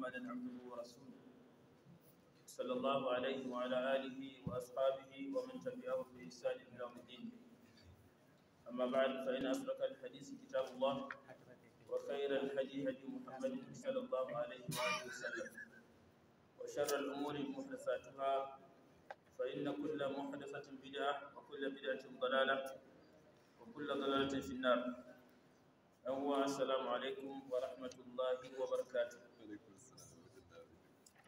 محمدا عبده ورسوله صلى الله عليه وعلى آله وأصحابه ومن تبعهم بإحسان إلى يوم الدين أما بعد فإن أصدق الحديث كتاب الله وخير الهدي هدي محمد صلى الله عليه وآله وسلم وشر الأمور محدثاتها فإن كل محدثة بدعة وكل بدعة ضلالة وكل ضلالة في النار أول السلام عليكم ورحمة الله وبركاته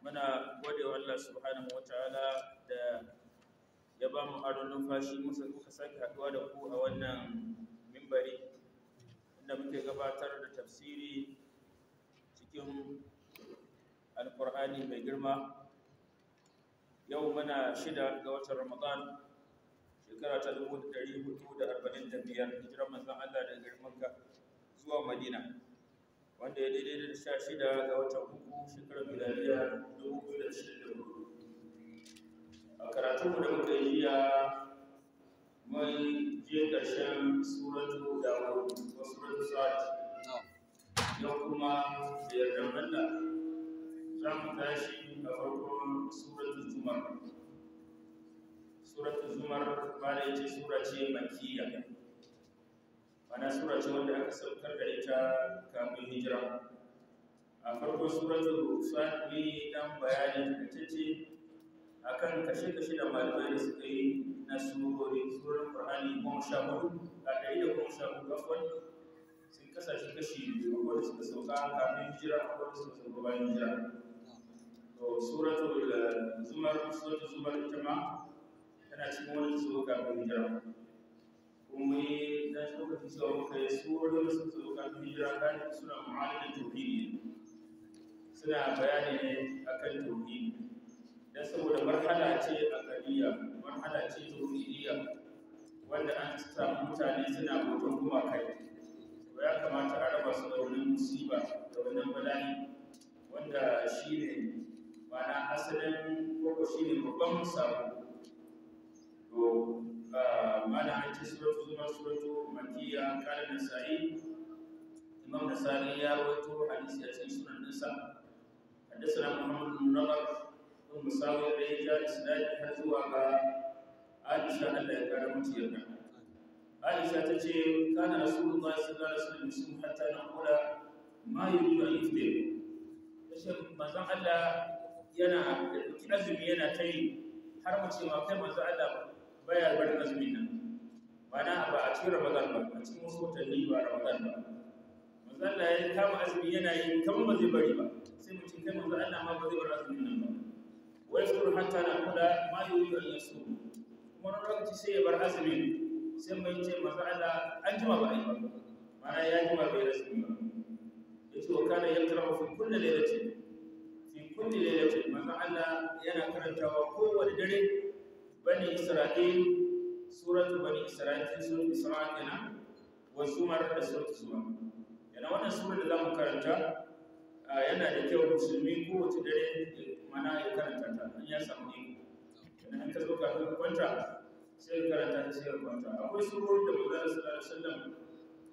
muna gode wa Allah subhanahu ta'ala da ya ba mu aron numfashi musa muka sake haduwa da ku a wannan mimbari inda muke gabatar da tafsiri cikin alkur'ani mai girma yau muna shida ga watan ramadan shekara ta 1445 hijirar manzan Allah da girman ka zuwa Madina wanda ya daidai da sha shida ga watan uku shekarar miladiya dubu biyu da ashirin da hudu a karatunmu da muka yi jiya mai jiya ƙarshen suratu dawo ko suratu kuma da yardan Allah za mu tashi a farkon suratu zumar suratu zumar ba da ita sura ce makiyya mana sura ce wanda aka saukar da ita kafin hijira a farko sura suratul sa'di dan bayani ce takaitacce akan kashe-kashe da malamai da suka yi na surori surorin qur'ani goma sha hudu a ɗari da goma sha hudu afwan sun kasashe kashi biyu akwai da suka sauka kafin hijira akwai da suka sauka bayan hijira to sura suratul zumar sura suratul zumar ita ma tana cikin wani sauka kafin hijira kuma na shi lokacin cewa muka yi surorin sun zo kan hijira kan suna mu'amalin tauhidi suna bayani ne akan tauhidi dan saboda marhala ce a aqaliya marhala ce tauhidiyya wanda an sa mutane suna kuma kai, to ya kamata a raba su da wannan musiba da wannan bala'i wanda shi shine ma'ana asalin koko shine babban musabo to mana an ci suratu zuma suratu makiya kala nasa'i imam nasa'i ya rawaito hadisi a cikin sunan nisa haddasa muhammad bin rabar ibn musawi da ya ja isnadi har zuwa ga aisha Allah ya kare mutu yarda aisha ta ce kana rasulullahi sallallahu alaihi wasallam hatta na kula ma yuri an yifte kashe manzon Allah yana da azumi yana tayi har mu ce ma kai manzon Allah baya albarkar azumin nan mana ba a cikin ramadan ba a cikin wasu watanni ba ramadan ba manzo Allah ya kama azumi yana yi kamar ba zai bari ba sai mutum kai manzo Allah ma ba zai bar azumin nan ba wai suru hatta na kula ma yuri an yasu kuma na lokaci sai ya bar azumin sai mai ce manzo Allah an jima ba yi ba mana ya jima bai azumi ba yace wa kana yakrahu fi kulli lailatin fi kulli lailatin manzo Allah yana karantawa kowace dare bani isra'il suratu bani isra'il suratu isra'il kenan wa zumar da suratu zumar yana wannan surar da zamu karanta yana da kyau musulmi ko wata dare mana ya karanta ta an ya samu ne yana an ka zo kafin kwanta sai karanta ta sai kwanta akwai surori da manzon sallallahu alaihi wasallam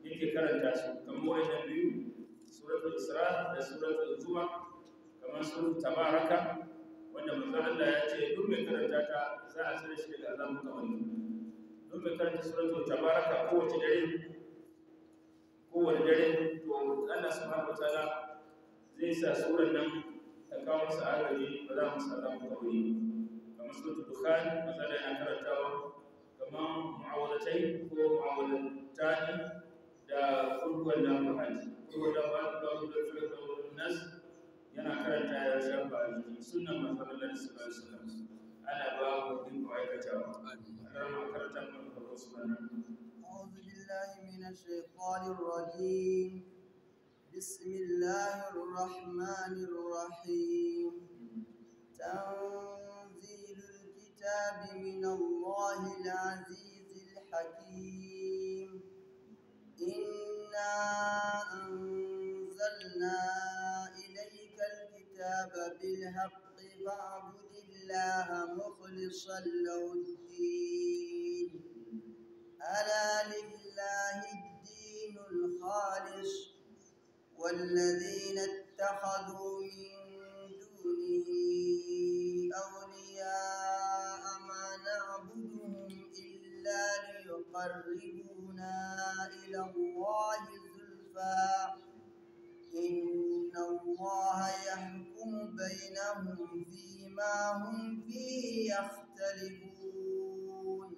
yake karanta su kamar wannan biyu suratul isra da suratul zumar kamar suratul tabaraka wanda manzon Allah ya ce duk mai karanta ta za a tsare shi daga azabu kamar duk mai karanta suratul tabaraka kowace dare kowace dare to Allah subhanahu wataala zai sa suran nan ta kawo masa agaji ba za mu sa azabu kamar kamar suratul dukhan manzon Allah yana karantawa kamar mu'awalatai ko mu'awalatani da kulkuwan lamuhaji kulkuwan Ko da kulkuwan lamuhaji yana karanta ya shafa arziki sunan masallar sallallahu alaihi ana ba mu duk aikatawa ana ma karanta mu da sunan أعوذ بالله من الشيطان الرجيم بسم الله الرحمن الرحيم تنزيل الكتاب من الله العزيز الحكيم إنا أنزلنا الكتاب بالحق فاعبد الله مخلصا له الدين ألا لله الدين الخالص والذين اتخذوا من دونه أولياء ما نعبدهم إلا ليقربونا إلى الله زلفى إن الله يحكم بينهم فيما هم فيه يختلفون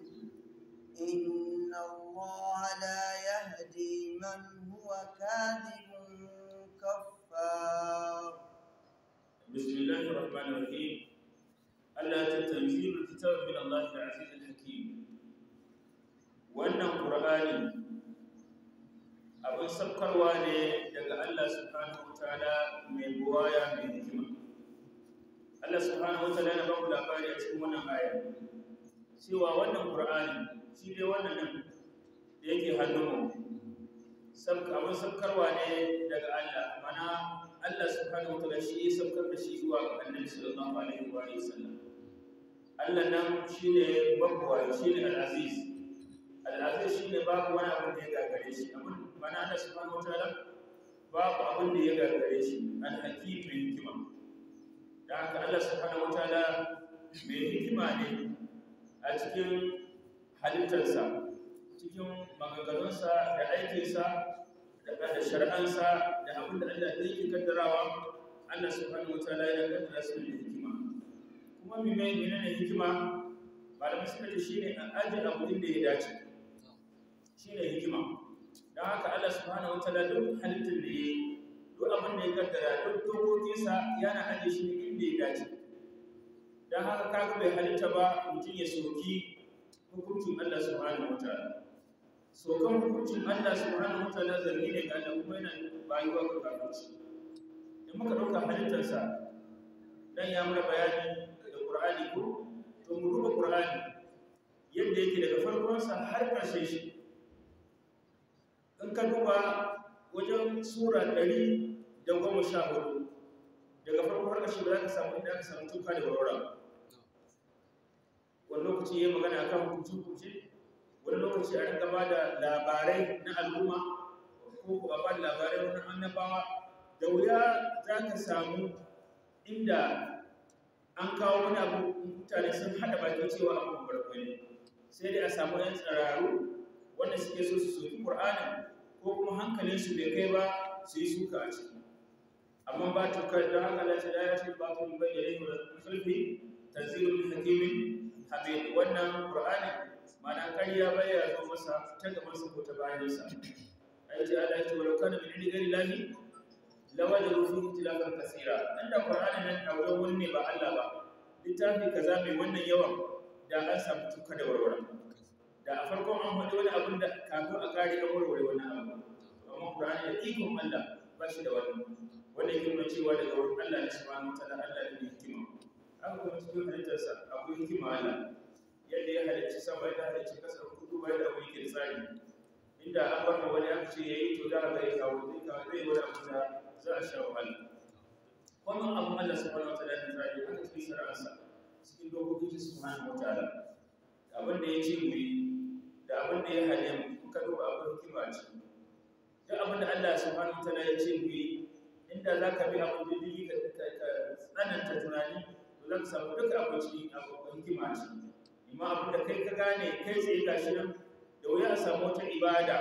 إن الله لا يهدي من هو كاذب كفار بسم الله الرحمن الرحيم ألا تنزيل الكتاب من الله العزيز الحكيم وأن القرآن abin saukarwa ne daga Allah subhanahu wataala mai buwaya mai hikima Allah subhanahu wataala na babu labari a cikin wannan aya cewa wannan Qur'ani shi ne wannan nan da yake hannunmu abin saukarwa ne daga Allah mana Allah subhanahu wataala shi ya saukar da shi zuwa ga Annabi sallallahu alaihi wa sallam Allah nan shi ne babuwa shi shine al-aziz al-aziz ne babu wani abu da ya gagare shi abin mana Allah subhanahu wataala babu abin da ya gagare shi alhakim mai hikima da aka Allah subhanahu wataala mai hikima ne a cikin halittarsa cikin maganganunsa da aikinsa da shari'ansa da abin da Allah ya yi kaddarawa Allah subhanahu wataala ya kaddara su da hikima kuma mai menene hikima malamai suka ce shine a ajiye abu da ya dace shine hikima don haka Allah subhanahu ta'ala duk halittar da yi. duk abin da ya kaddara duk dokokinsa yana aje shi ne inda ya dace don haka kaga bai halitta ba mutum ya soki hukuncin Allah subhanahu wataala sokan hukuncin Allah subhanahu ta'ala zargi ne ga Allah kuma yana bayuwa ga kafirci in muka dauka halittarsa dan ya mura bayani daga Qur'ani ko to mu duba Qur'ani yadda yake daga farkonsa har ƙarshen shi in ka duba wajen tsura ɗari da goma sha daga farko har ƙarshe ba za ka samu tuka da warwara wani lokaci ya magana a kan hukunci wani lokaci a rinka ba da labarai na al'umma ko kuma ba da labarai wani annabawa da wuya za ka samu inda an kawo wani abu mutane sun haɗa bakin cewa abubuwan farko ne sai dai a samu yan tsararru wanda suke so su soki ƙur'anin ko kuma hankalinsu bai kai ba su yi suka a ciki amma ba ta kai don haka da ta ya ce ba ta bai da wa sulfi tanzilul hakimin hamid wannan qur'ani mana ƙarya bai ya zo masa ta gaban sa ko ta bayan sa ai ce ala ta ce kana min gari lahi lawajadu fihi tilafan kaseera dan da qur'ani nan ta wurin ne ba Allah ba littafi kaza mai wannan yawan da an samu tuka da warwara da a farkon an faɗi wani abin da kafin a kare an warware wani abu amma Qur'ani da ikon Allah ba shi da wani. Wani yake nuna cewa daga wurin Allah na shi wa ta'ala Allah ne hikima an kuma cikin halittarsa akwai hikima Allah yadda ya halicci sama ya halicci kasar kudu ba da akwai yake tsari inda an baka wani aka ce yi to za ka yi kawo zai kawo zai wani abin da za a sha wahala wannan abu Allah su wa ta'ala ne tsari haka fi sararsa cikin dokokin subhanahu wa tsada, abin da ya ce mu yi da abinda ya hane mu ka duba abin hikima ce duk abin da Allah subhanahu wataala ya ce ku yi inda za ka bi abu da yi ka tsananta tunani to za ka samu duk abu ci abu hikima ce amma abin da kai ka gane kai tsaye ga shi nan da wuya a samu wata ibada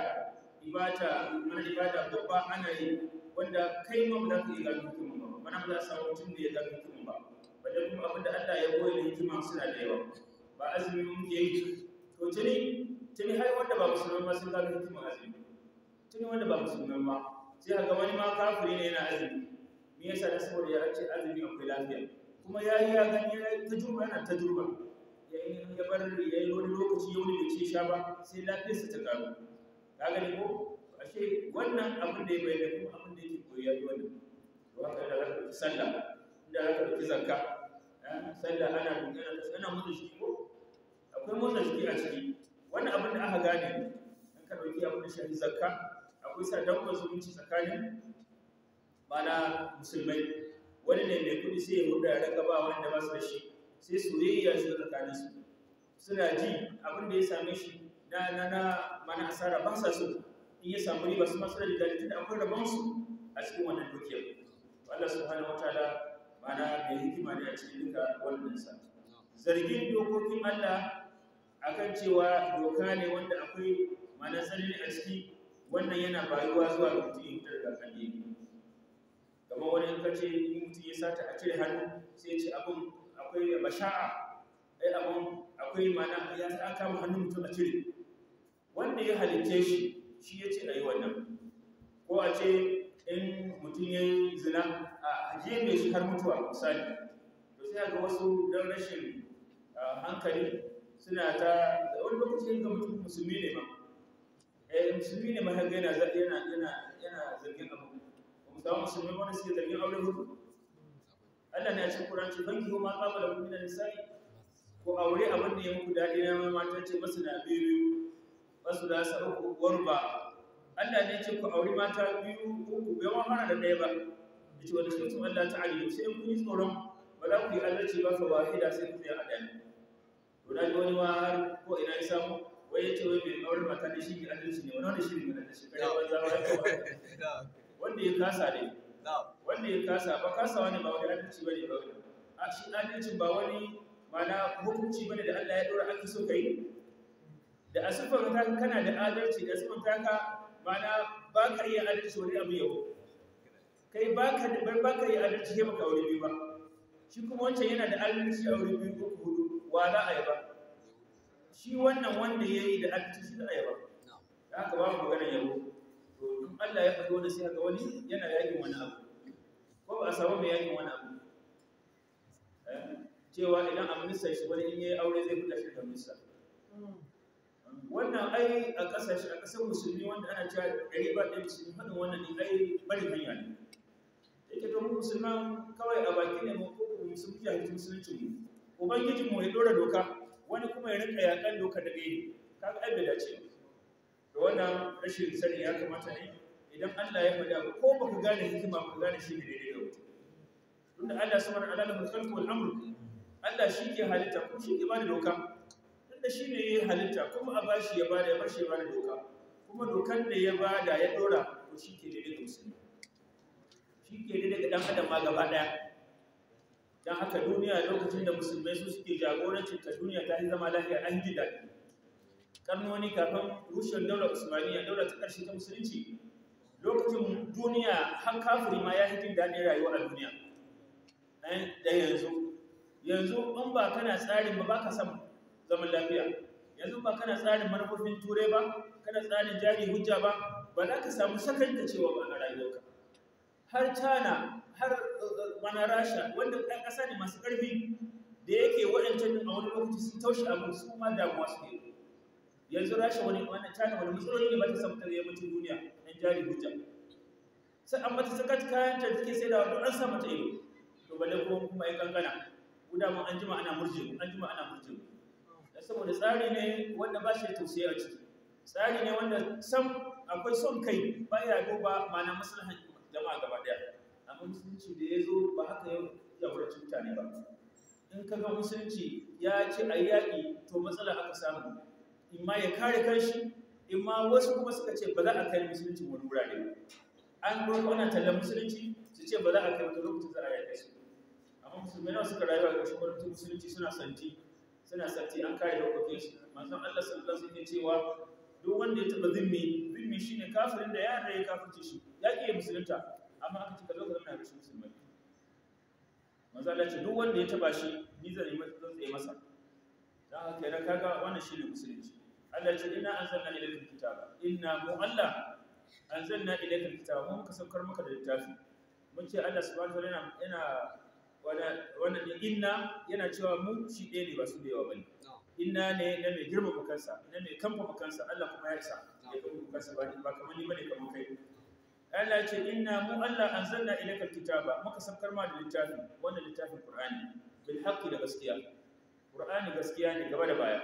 ibada wani ibada babba ana yi wanda kai ma ba za ka yi gano hikimin ba wani ba za a samu mutum da ya gano hikimin ba balle kuma abin da Allah ya koyi da hikima suna da yawa ba azumi muke yi to ne? tuni har wanda ba musulman ba sun gano hikimin azumi tuni wanda ba musulman ba. sai a ga wani ma kafiri ne yana azumi me yasa da saboda ya ce azumi akwai lafiya kuma ya yi ya gani ya yi tajurba yana tajurba ya yi ya bar ya yi wani lokaci ya wani bai ce sha ba sai lafiyarsa ta karu ka gani ko ashe wannan abin da ya bayyana kuma abin da yake koyar wani to haka da zaka sallah da zaka ɗauki zakka eh, sallah ana dogara ana mutunci ko akwai motsa shi a ciki wannan abin da aka gane an ka ɗauki abin da shari zakka akwai sa dangon zumunci tsakanin mana musulmai wani ne mai kuɗi sai ya hudu ya raka ba wanda ba su da shi sai soyayya shi tsakanin su suna ji abin da ya same shi na na na mana asara ba sa so in ya samu riba su masu da dalilin da akwai rabon su a cikin wannan dukiyar Allah subhanahu wataala mana mai hikima ne a cikin duka wannan sa zargin dokokin Allah akan cewa doka ne wanda akwai mana sanin a ciki wannan yana bayuwa zuwa ga mutum ya da kalli kamar wani in kace in mutum ya sata a cire hannu sai ce abin akwai basha'a ai abin akwai mana ya sa aka mu hannun mutum a cire wanda ya halicce shi shi ya ce a yi wannan ko a ce in mutum ya yi zina a mai shi har mutuwa misali to sai ga wasu don rashin hankali suna ta wani lokacin ga mutum musulmi ne ma eh musulmi ne ma yana yana yana yana zargin abu ba samu musulmi wanda suke zargin aure hudu Allah ne a cikin kuranci ban ki ma qabala kun min nisa'i ko aure abin da ya muku daɗi na mai matan ce masu na biyu masu da sa uku ba Allah ne ce ku aure mata biyu uku bai hana da ɗaya ba yace wanda sun Allah ta'ali sai kun yi tsoron Ba za ku yi Allah ce ba fa wahida sai ku yi adalci to da wani ma ko ina ya samu wai yace wai mai aure mata da shi gidan shi ne wannan shi ne gidan shi kai banza ba wanda ya kasa ne wanda ya kasa ba kasa wani ba wani adalci ne ba wani a shi adalcin ba wani mana hukunci ba ne da Allah ya ɗora an so ka kai da asufan ta kana da adalci da asufan ta ka mana ba ka iya adalci wani abu yau kai ba ka ba iya adalci ya maka aure biyu ba shi kuma wancan yana da adalci aure biyu ko wa za a yaba shi wannan wanda ya yi da aka ci shi za a yaba da aka ba mu maganar yabo to duk Allah ya fado da sai ga wani yana yakin wani abu ko ba a samu mai yakin wani abu eh, cewa idan a minista shi wani in yayi aure zai fita shi da minista wannan ai a kasashe a kasar musulmi wanda ana cewa gari ba ɗaya musulmi hannun wannan ne ai bari hanya ne yake to musulman kawai a baki ne mu ko mu sun fiye musulunci mu ubangijin mu ya dora doka wani kuma ya rinka yakan doka da gai kaga ai bai dace da wannan rashin sani ya kamata ne idan Allah ya faɗa ko ku gane hikima ba gane shi ne daidai da wuta tunda Allah subhanahu wa ta'ala mulkul wal amr Allah shi ke halitta ko shi ke bada doka tunda shi ne ya halitta kuma a bashi ya bada ya bashi ya bada doka kuma dokan da ya bada ya dora ko shi ke daidai da musulmi shi ke daidai ga dan adam ma gaba daya don haka duniya lokacin da musulmai su suke jagorancin ta duniya ta yi zama lafiya an ji daɗi karnoni kafin rushen daular usmaniya daular ta ƙarshe ta musulunci lokacin duniya har kafiri ma ya hikin daɗin rayuwa a duniya da yanzu yanzu in ba kana tsarin ba baka san zaman lafiya yanzu ba kana tsarin manufofin turai ba kana tsarin jari hujja ba ba za ka samu sakanta cewa ba a rayuwarka har china har wani eh, rasha wanda ɗan ƙasa ne masu ƙarfi da yake waɗancan a wani lokaci sun taushe abin su ma damuwa su yi yanzu Russia wani wani china wani matsaloli ne ba ta samu tare mutum duniya ɗan jari hujja sai an mata sakat kayan ta take sai da wani an sa mata ido to balle kuma kuma ya kankana guda ma an jima ana murje an jima ana murje da saboda tsari ne wanda ba shi da tausayi a ciki tsari ne wanda sam akwai son kai Ba ba duba ma'ana maslahan jama'a gaba daya amma musulunci da ya zo ba haka yau ya wurce mutane ba in ka ga musulunci ya ci a yaƙi to matsala aka samu in ma ya kare kanshi in ma wasu kuma suka ce ba za a kai musulunci wani wurare an roƙo wannan tallan musulunci su ce ba za a kai wani lokacin za a kai. su amma musulmai nawa suka rayuwa a ƙarshen wani musulunci suna santi suna santi an kare dokokin su manzon Allah sallallahu alaihi wasallam cewa duk wanda ya taba zimmi zimmi shine kafirin da ya yarda ya kafirce shi ya ke musulunta amma aka ce ka zo ka da shi musulmai manzo Allah ce duk wanda ya taba shi ni zan yi masa tsaye masa dan haka idan kaga wannan shine musulunci Allah ce inna anzalna ilayka kitaba inna mu Allah anzalna ilayka kitaba mun ka saukar maka da littafi mun ce Allah subhanahu wa ta'ala yana yana wannan inna yana cewa mu shi ɗaya ne ba su da yawa bane inna ne na mai girma kansa na mai kamfama kansa Allah kuma ya isa ya kamfama kansa ba ba kamar ni bane kamar kai Allah ya ce inna mu Allah anzalna ilaikal kitaba muka saukar ma da littafi wanda littafin Qur'ani bil haqqi da gaskiya Qur'ani gaskiya ne gaba da baya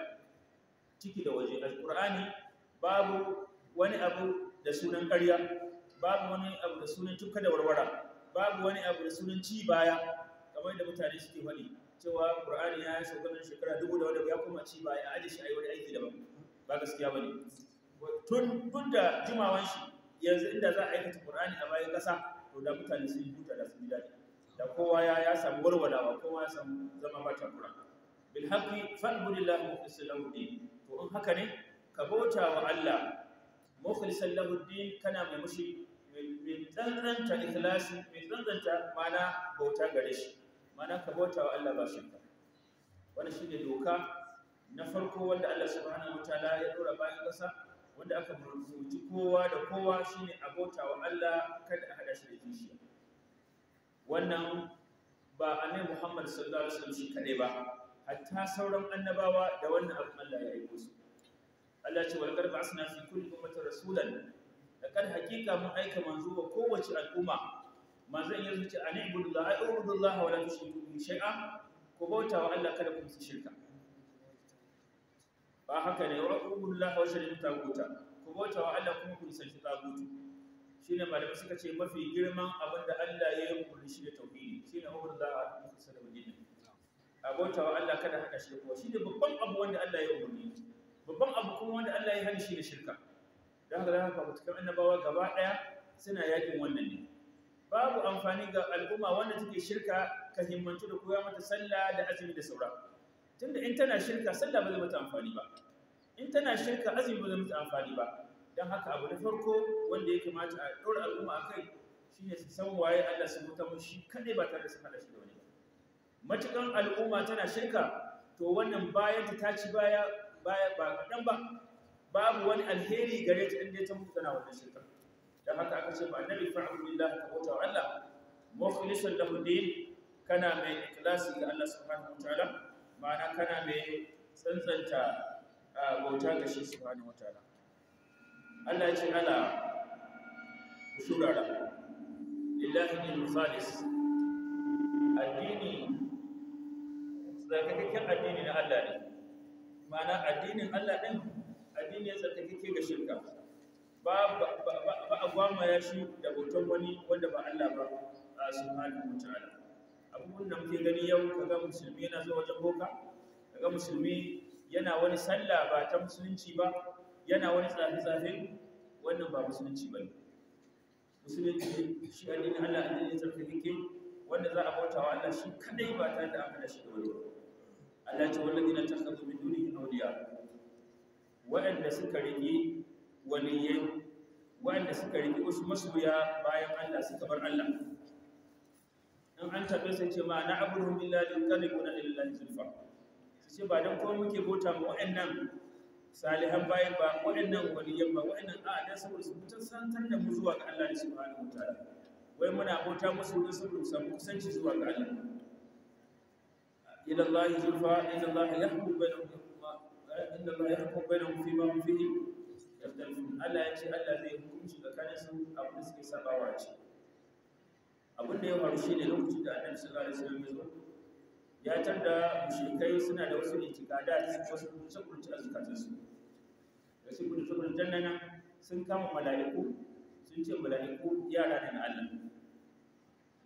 ciki da waje Qur'ani babu wani abu da sunan ƙarya babu wani abu da sunan tukka da warwara babu wani abu da sunan ci baya kamar da mutane suke faɗi cewa Qur'ani ya sauka nan shekara dubu da wanda ya kuma ci ba ya aje shi ayi wani aiki daban ba gaskiya ba ne. tun da jimawan shi yanzu inda za a aikata ƙur'ani a bayan ƙasa, to da mutane sun huta da sun dadi da kowa ya ya samu warwalawa kowa ya samu zama ba takura bil haqqi fa'budillahi mukhlishan lahu din to in haka ne ka bauta wa Allah mukhlishan lahu din kana mai mushi mai tsantsanta ikhlasi mai tsantsanta mana bauta gare shi mana ka bauta wa Allah ba shirka wannan shine doka na farko wanda Allah subhanahu wataala ya dora bayan kasa wanda aka rubuta kowa da kowa shine a bauta wa Allah kada a hada shi da kishiya wannan ba annabi Muhammad sallallahu alaihi wasallam shi kadai ba hatta sauran annabawa da wannan abu Allah ya yi musu. Allah ce wal qad asna fi kulli ummatin rasulan laqad hakika mun aika manzo wa kowace al'umma manzon ya zuci an ibudullah ay ibudullah wa la tushriku bihi shay'a ku bauta wa Allah kada ku yi shirka ba haka ne wa ibudullah wa shirku taguta ku bauta wa Allah kuma ku yi shirka tagutu shine malamai suka ce mafi girman abin da Allah ya yi umarni shi da tauhidi shine ibudullah wa kusa da madina a bauta wa Allah kada haka shi ko shine babban abu wanda Allah ya umarni babban abu kuma wanda Allah ya hana shi da shirka da haka da haka mutukan annabawa gaba daya suna yakin wannan ne babu amfani ga al'umma wanda take shirka ka himmantu da koya mata sallah da azumi da saura tunda in tana shirka sallah ba zai mata amfani ba in tana shirka azumi ba zai mata amfani ba dan haka abu na farko wanda ya kamata a ɗora al'umma akai shine su san waye Allah su mutum shi kadai ba tare da su hada shi da wani ba matukan al'umma tana shirka to wannan bayan ta taci baya baya ba kadan ba babu wani alheri gare ta inda ta mutu tana wannan shirka da haka aka ce ba annabi fa'abu billah ka bauta wa Allah mukhlisan lahu din kana mai ikhlasi ga Allah subhanahu wataala ma'ana kana mai tsantsanta bauta ga shi subhanahu wataala Allah ya ce ala usurara lillahi din khalis addini tsarkakakken addini na Allah ne ma'ana addinin Allah din addini ya tsarkakakke ga shirka ba a ya shi da hoton wani wanda ba Allah ba a subhanahu wa ta'ala abubuwan da muke gani yau kaga musulmi yana zuwa wajen boka kaga musulmi yana wani sallah ba ta musulunci ba yana wani tsafe-tsafe wannan ba musulunci ba ne musulunci shi addinin Allah addinin tsarkakeke wanda za a bauta wa Allah shi kadai ba tare da an da shi da wani Allah ce wannan wallazina takhadhu min dunihi awliya waɗanda suka rike yin wanda suka riƙi wasu masoya bayan Allah suka bar Allah in an tabe sai ce ma na abudu billahi qalibuna lillahi zulfa sai ce ba dan kuma muke bota ma wa'annan salihan bayan ba wa'annan yin ba wa'annan a dan saboda su mutan santar da mu zuwa ga Allah subhanahu wataala wai muna bota musu don saboda samu kusanci zuwa ga Allah ila Allah zulfa ila Allah yahkum bainahum eh, inna Allah yahkum bainahum fima hum fihi mukhtalifun Allah ya ce Allah zai hukunci tsakanin su abin da suke sabawa ce abin da ya faru shine lokacin da Annabi sallallahu alaihi wasallam ya zo ya tarda mushrikai suna da wasu itikadat wasu kunce kunce a zukatan su da su kunce kunce nan sun kama mala'iku sun ce mala'iku yara ne na Allah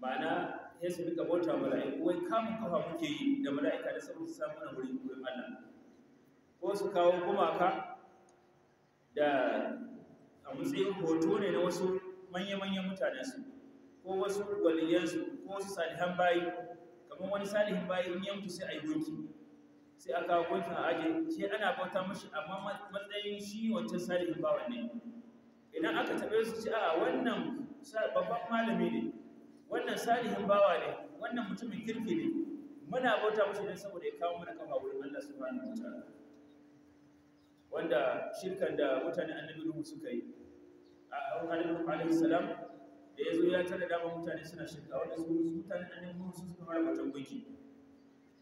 ma'ana ya su rika bauta mala'iku wai kamun kafa muke yi da mala'ika da sabon samun wurin wurin Allah ko su kawo gumaka da a matsayin hoto ne na wasu manya-manyan mutanensu ko wasu waliyansu ko wasu salihan bayi kamar wani salihin bayi in yanku sai a yi gunki sai a kawo gunki a ajiye. shi ana bauta mashi amma matsayin shi wancan salihin bawan ne idan aka taɓe su ci a wannan babban malami ne wannan salihin bawa ne wannan mutumin kirki ne muna bauta mashi don saboda ya kawo mana kafa wurin Allah subhanahu wa ta'ala wanda shirkan da mutane annabi nuhu suka yi a annabi Alayhi salam da yazo ya tara da mutane suna shirka wanda su mutane annabi nuhu su suka fara mutan gunki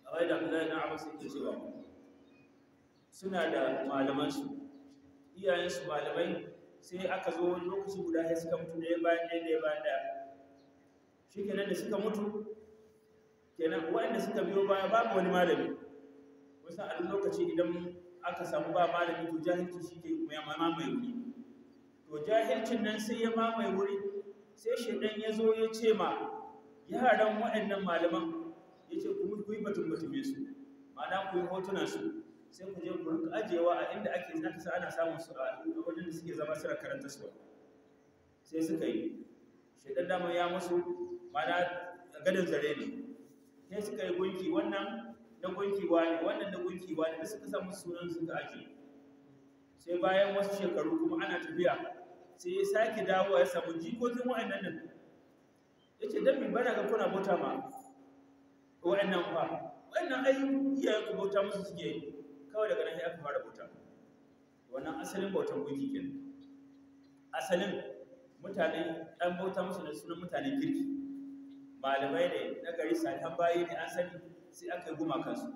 kamar da Abdullahi na Abbas yake cewa suna da malaman su iyayen su malamai sai aka zo wani lokaci guda sai suka mutu ɗaya bayan ɗaya ɗaya bayan ɗaya shi nan da suka mutu kenan waɗanda suka biyo baya babu wani malami wasu a lokaci idan aka samu ba malami to jahilci shi ke ya mamaye wuri to jahilcin nan sai ya mamaye wuri sai shaidan ya zo ya ce ma yaran waɗannan malaman ya ce ku ku yi batun batume su ma'ana ku yi hotuna su sai ku je ku ajewa a inda ake sa ana samun su a wajen da suke zama sura karanta su sai suka yi shaidan dama ya musu ma'ana gadon zare ne sai suka yi gunki wannan na gunkiwa ne wannan na gunkiwa ne da suka samu sunan suka aji sai bayan wasu shekaru kuma ana tafiya sai ya sake dawo ya samu jikokin wa'annan nan ya ce don min bana ga kuna bauta ma wa'annan fa wa'annan ai iyayen ku bauta musu suke kawai daga nan ya aka fara bauta wannan asalin bautan gunki kenan asalin mutane dan bauta musu da sunan mutanen kirki malamai ne na gari salihan bayi ne an sani sai aka yi gumakansu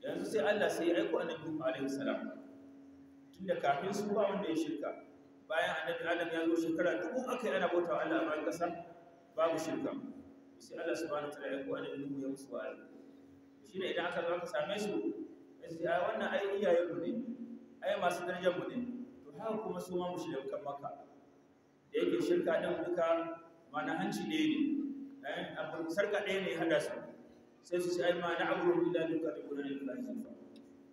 yanzu sai Allah sai ya aiko annabi Nuhu alaihi salam tunda kafin su ba wanda ya shirka bayan annabi Adam ya zo shekara dubu aka yi ana bauta wa Allah a bayan kasa babu shirka sai Allah subhanahu ta'ala ya aiko annabi Nuhu ya musu wa'azi shine idan aka zo aka same su sai ai wannan ai iyaye mu ne ai masu darajar mu ne to haka kuma su ma kan maka. da yake shirka din duka mana hanci ɗaya ne sarka ɗaya ne hada su sai su ce ai ma duka illa yuqarribuna da allahi zulfa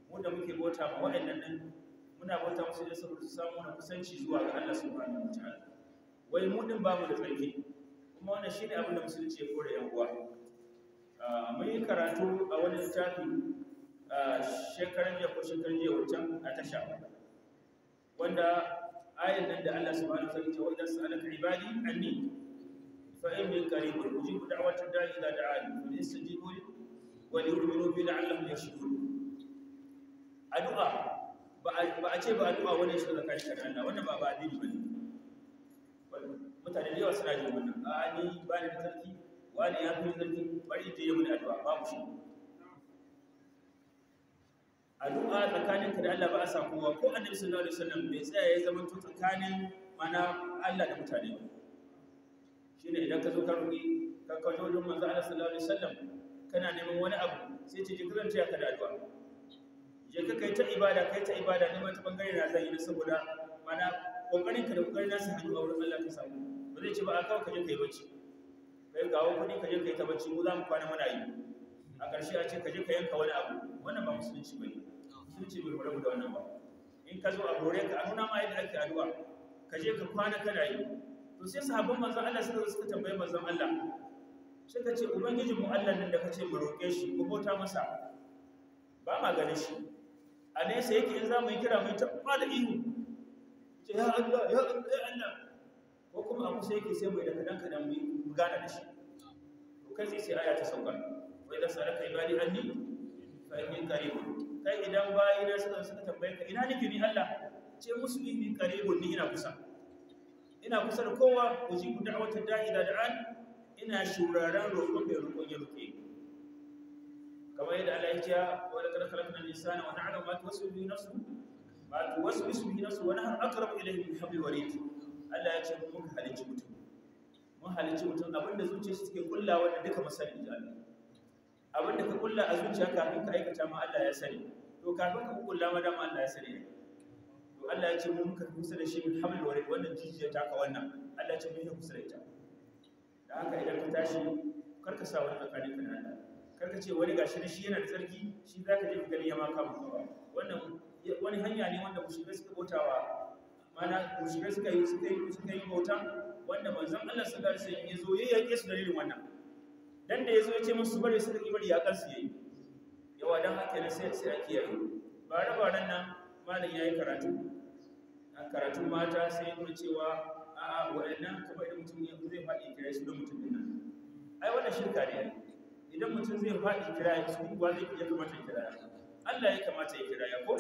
mu da muke bauta ma waɗannan nan muna bauta musu ne saboda su samu na kusanci zuwa ga Allah subhanahu wataala wai mu din bamu da tsarki kuma wannan shine abin da musulunci ya kore yan uwa mun yi karatu a wani littafi shekaran jiya ko shekaran jiya wancan a tasha wanda ayan nan da Allah subhanahu wataala ya ce wa idan sa'alaka ibadi anni فإني قريب أجيب دعوة الداعي إذا دعاني فليستجيبوا لي وليؤمنوا بي لعلهم يشكرون addu'a ba a ce ba addu'a wani shi da kai kan Allah wannan ba ba addini mutane da suna jin wannan a ni ba ni wani ya fi sarki bari je mun addu'a ba mu shi addu'a tsakanin ka da Allah ba a sa kowa ko annabi sallallahu alaihi wasallam bai tsaya ya zama tsakanin mana Allah da mutane shine idan ka zo ka roki ka kawo wajen manzo Allah sallallahu alaihi wasallam kana neman wani abu sai ce jikiran ta ka da addu'a je ka kai ta ibada kai ta ibada neman ta bangare na zai yi saboda mana kokarin ka da kokarin nasu hannu wurin Allah ka samu ba zai ce ba a kawo ka je kai bacci kai gawo kudi ka je kai ta bacci mu za mu kwana muna yi a ƙarshe a ce ka je ka yanka wani abu wannan ba musulunci ba musulunci bai rubuta da wannan ba in ka zo a gore ka a nuna ma yadda ake addu'a ka je ka kwana kana yi to sai sahabban manzon Allah suka zo suka tambaye manzon Allah suka ce ubangijin mu Allah nan da kace mu roƙe shi ko bauta masa ba ma gane shi a nesa yake in za mu yi kira mu ta fada ihu ce ya Allah ya Allah ya Allah ko kuma abu sai yake sai mu da kadan kadan mu gana da shi to kai sai sai aya ta sauka wai da saraka ibadi anni fa inni qareeb kai idan ba ina suka suka tambaye ka ina nake ni Allah ce musu inni qareeb ni ina kusa ina kusa da kowa ujibu da'wata da'i da da'an ina shuraran roƙon mai roƙon ya roƙe kamar yadda Allah ya ce wa la kana khalaqna al-insana wa na'lamu ma tuwaswisu bihi nafsu ma tuwaswisu bihi nafsu wa nahnu aqrabu ilayhi min hablil warid Allah ya ce mun halicci mutum mun halicci mutum abinda zuciyarsa take kullawa da duka masani da Allah abinda ka kulla a zuciya kafin ka aikata ma Allah ya sani to kafin ka kulla ma dama Allah ya sani to Allah ya ce mun muka kusa da shi min hamil wani wannan jijiyar ta ka wannan Allah ya ce mun yi kusa da ita da haka idan ka tashi karka sa wani tsakanin ka da karka ce wani gashi shi yana da tsarki shi za ka je ka gani ya kama wannan wani hanya ne wanda mushrikai suka bautawa mana mushrikai suka yi suka yi suka yi bauta wanda manzon Allah sallallahu alaihi wasallam ya zo ya yake su dalilin wannan dan da ya zo ya ce musu bari su yi bari ya kansu yayi yawa dan haka ne sai sai ake yi ba baren nan malam ya yi karatu a karatun mata sai yana cewa a'a waɗannan kuma da mutum ya zai faɗi kira su da mutum ɗin nan ai wannan shirka ne idan mutum zai faɗi kira su ba zai iya kamata ya kira Allah ya kamata ya kira ya ko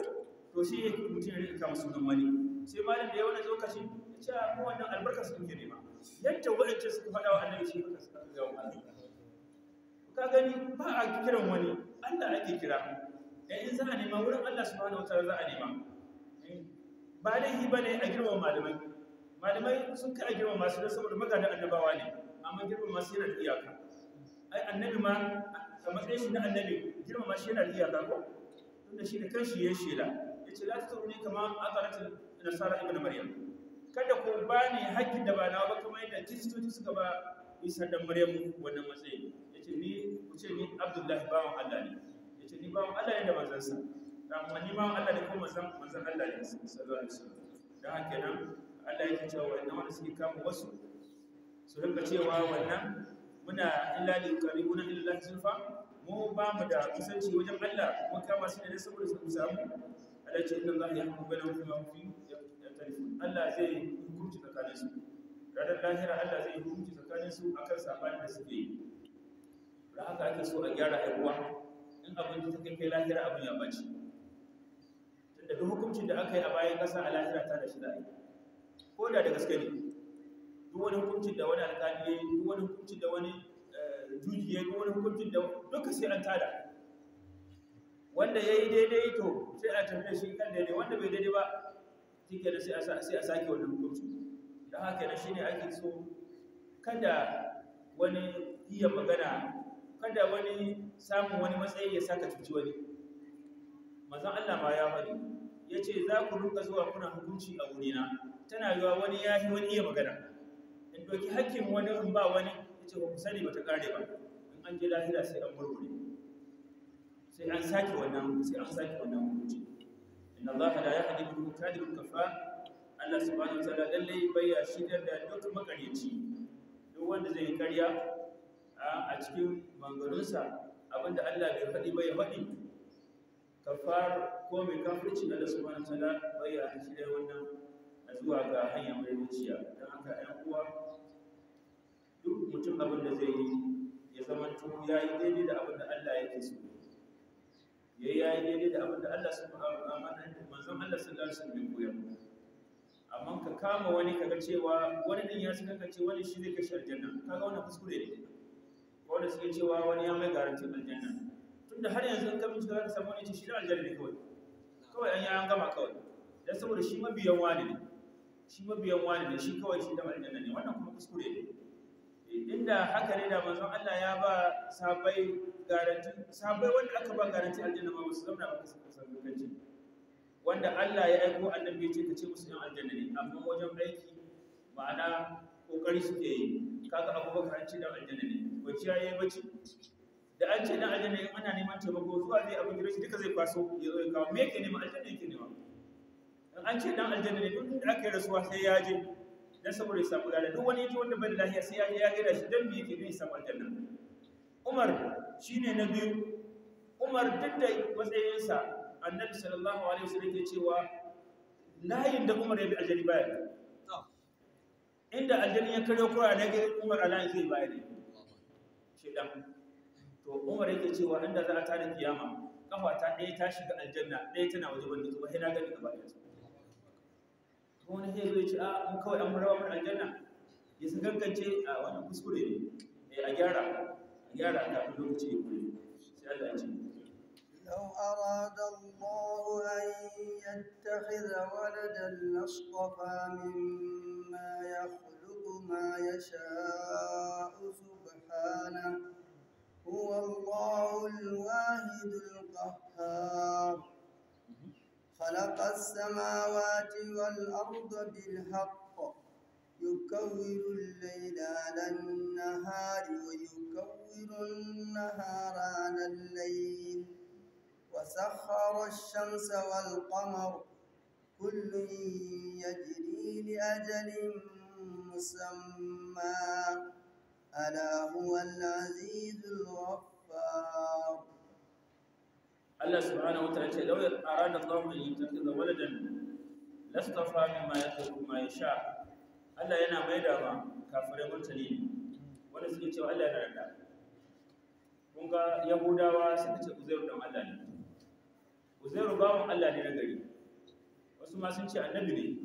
to sai ya mutum ya rika kama sunan wani sai malam da ya wani lokaci ya ce a wannan albarka sun ke nema yadda waɗancan suka faɗa wa annabi shi haka suka ga wa ka gani ba a kiran wani Allah ake kira dan in za a nema wurin Allah subhanahu wutar za a nema eh, ba laifi ba ne a girmama malamai malamai sun kai a girmama su da saboda magadan annabawa ne amma girmama masu yana da iyaka ai annabi ma a matsayin na annabi girmama shi yana da iyaka ko tunda shi da kanshi ya shela ya ce la ta wuni kama a tsaratin nasara ibn maryam kada ku ba ne hakkin da ba na ba kuma yadda kiristoci suka ba isa dan maryam wannan matsayin ya ce ni ku ce ni abdullahi bawan allah ne ce ni bawan Allah ne da manzansa da kuma ni bawan Allah ne kuma manzan manzan Allah ne sallallahu alaihi wasallam dan haka nan Allah yake cewa wannan wanda suke kama wasu su rinka cewa wannan muna illa li qaribuna illa Allah zulfa mu ba mu da kusanci wajen Allah mun kama su ne saboda su samu Allah ce inna Allah yahkumu bainahum fima hum fihi yakhtalifun Allah zai hukunci tsakanin su ranar lahira Allah zai hukunci tsakanin su akan sabanin da suke yi da haka ake so a gyara aibuwa in abin da take kai lahira abin ya bace tunda duk hukuncin da aka yi a bayan kasa a lahira ta da shi za a yi ko da da gaske ne duk wani hukuncin da wani alƙali ya duk wani hukuncin da wani eh, juji ya duk wani hukuncin da duka sai an tada wanda ya yi daidai to sai a tafiya shi kan daidai wanda bai daidai ba shi da sai a sake wannan hukunci Da haka na shi ne ake so kada wani iya magana kada wani samun wani matsayi ya saka cuci wani mazan Allah ma ya faɗi ya ce za ku ruka zuwa kuna hukunci a wurina tana yiwa wani ya fi wani iya magana in doki hakkin wani in ba wani ya ce ba ku sani ba ta kare ba in an je lahira sai an murmure sai an sake wannan sai an sake wannan hukunci inna Allah la yahdi bil kafa Allah subhanahu wa ta'ala lalle bayya shi da duk makaryaci duk wanda zai karya a cikin mangarunsa abinda Allah bai faɗi bai faɗi kafar ko mai kafircin Allah su wa tana bai a cikin ɗaya wannan zuwa ga hanya mai wuciya don haka ɗan uwa duk mutum abin da zai yi ya zama to ya yi daidai da abin da Allah yake so ya yi daidai da abin da Allah subhanahu wa ta'ala manzon Allah sallallahu alaihi wasallam koyar amma ka kama wani kaga cewa wani din ya kaga cewa wani shi zai kashe aljanna kaga wani kuskure ne wanda suke cewa wani ya mai garantin aljanna tunda har yanzu in ka bincika samu wani ce shi da aljanna ne kawai kawai an yi an gama kawai don saboda shi mabiyan wani ne shi mabiyan wani ne shi kawai shi da aljanna ne wannan kuma kuskure ne inda haka ne da manzon Allah ya ba sabai garanti sabai wanda aka ba garanti aljanna ba su zauna ba su san lokaci wanda Allah ya aiko annabi ya ce ka ce musu yan aljanna ne amma wajen aiki ma'ana kokari suke yi kaga abubakar an ce dan aljanna ne wacce yayi bace da an ce dan aljanna ne ana neman taimako zuwa zai abin gidan shi duka zai kwaso ya zo ya kawo me yake neman aljanna yake nema in an ce dan aljanna ne duk da aka yi rasuwa sai ya je dan saboda ya samu ladan duk wani yake wanda bai da lafiya sai ya je ya gaida shi dan me yake ne samu aljanna Umar shine na biyu Umar duk da matsayinsa Annabi sallallahu alaihi wasallam yake cewa layin da Umar ya bi aljanna baya inda aljani ya karyo kura da gari umar alan zai bayar da dan to umar yake cewa inda za a tada kiyama kafa ta ɗaya ta shiga aljanna ɗaya tana waje wanda nutsu ba sai na gani gaba da su to wani zai zai ce a mu kawai an rawa mun aljanna ya su gangance a wani kuskure ne eh, a gyara a gyara ta lokaci ya sai Allah ya ce لو أراد الله أن يتخذ ولدا لاصطفى مما يخلق ما يشاء سبحانه هو الله الواحد القهار خلق السماوات والأرض بالحق يكور الليل على النهار ويكور النهار على الليل وسخر الشمس والقمر كل يجري لأجل مسمى ألا هو العزيز الغفار الله سبحانه وتعالى لو أراد الله أن يتخذ ولدا لاصطفى مما يخلق ما يشاء Allah yana maida ma kafirai mutane wanda suke cewa Allah yana da kun ga Yahudawa suka ce Uzairu dan Allah ne ruba mu Allah ne na gari wasu ma sun ce annabi ne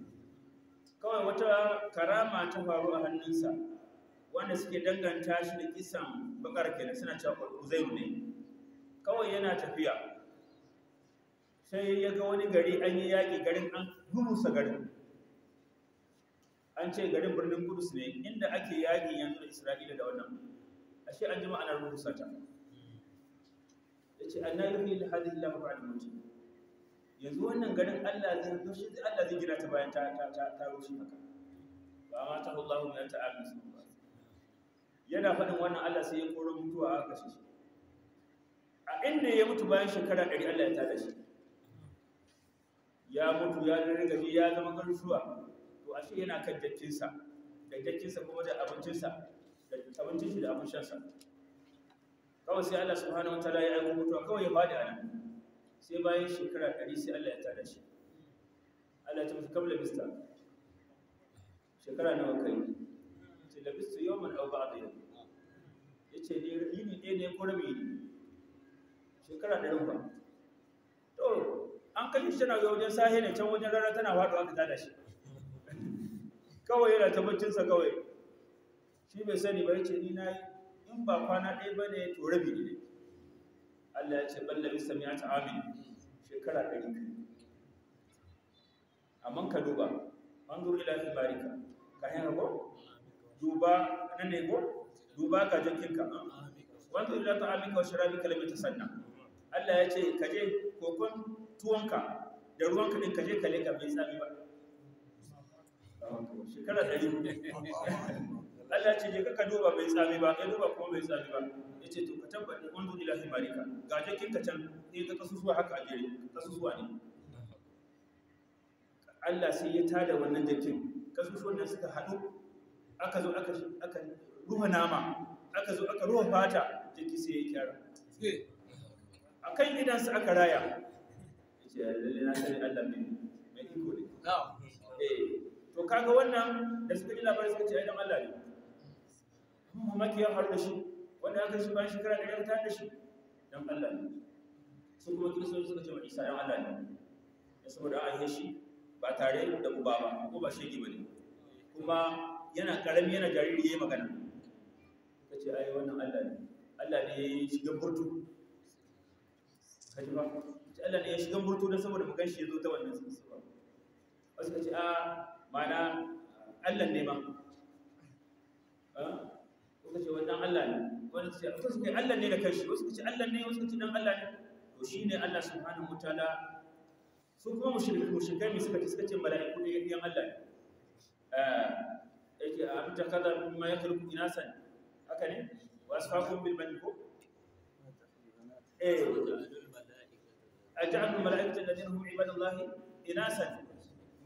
kawai wata karama ta faru a hannunsa wanda suke danganta shi da kisan bakar kenan suna cewa uzairu ne kawai yana tafiya sai ya ga wani gari an yi yaƙi garin an gurusa garin an ce garin birnin kudus ne inda ake yaƙi yanzu da isra'ila da wannan ashe an ji ma'anar rurusa ta ya ce an na yi hadin lamu ba'ad mutum yanzu wannan garin Allah zai rushe Allah zai gina ta bayan ta ta ta ta rushe ta ba ma ta Allahu min ta'ala yana fadin wannan Allah sai ya koro mutuwa a kashe shi a inda ya mutu bayan shekara 100 Allah ya tada shi ya mutu ya riga ji ya zama garuruwa to ashe yana kan sa da sa kuma da abincinsa da abincin shi da abin shansa kawai sai Allah subhanahu wataala ya aika mutuwa kawai ya bada ana sai bayan shekara ɗari sai Allah ya tare shi Allah ta musu kabla bista shekara nawa kai ce da bista yau man auba da yau ya ce ne yini ɗaya ne ko rabi ne shekara ɗari ba to an kai shi tana ga wajen sahi ne can wajen rana tana faɗuwa ka tada shi kawai yana tabbacinsa kawai shi bai sani ba ya ce ni na yi in ba kwana ɗaya ba ne to rabi ne Allah ya ce ballabi bisa ta amin shekara ɗari amma ka duba an ila ila barika, ka yi rago duba nan ne ko duba ka ka wanda ila ta amin ka shirabi ta sanna Allah ya ce ka je kokon tuwonka da ruwanka ne ka je ka leka bai sami ba shekara ɗari Allah ce je ka duba bai tsami ba ya duba kuma bai tsami ba ya ce to ka tabbata undu ila himarika ga jakin ka can sai kasu kasusuwa haka a kasu kasusuwa ne Allah sai ya tada wannan jakin kasusuwan nan suka haɗu aka zo aka aka ruha nama aka zo aka ruha fata jaki sai ya kyara akan su aka raya ya ce lalle na sani Allah ne mai iko ne eh, to kaga wannan da suka yi labarin suka ce ai dan Allah ne maki ya faru da shi wanda aka shi bayan shekara da ya ta da shi dan Allah ne su kuma kiristoci suka ce wa isa dan Allah ne ya saboda an yi shi ba tare da uba ba ko ba shege ba ne kuma yana karami yana jariri ya yi magana ka ce ai wannan Allah ne Allah ne ya yi shigan burtu ka ji ce Allah ne ya shigan burtu don saboda mu ganshi ya zo ta wannan sassa ba wasu ka a ah, mana Allah ne ma ah? suka ce wannan Allah ne wanda suka ce suka ce Allah ne da kanshi wasu suka ce Allah ne wasu suka ce dan Allah ne to shine Allah subhanahu wataala su kuma mushrikai mushrikai suka ce suka ce mala'iku ne yan Allah ne eh yake abin ta kada ma ya kalku inasan haka ne wasfakum bil maliku eh أجعل الملائكة الذين هم عباد الله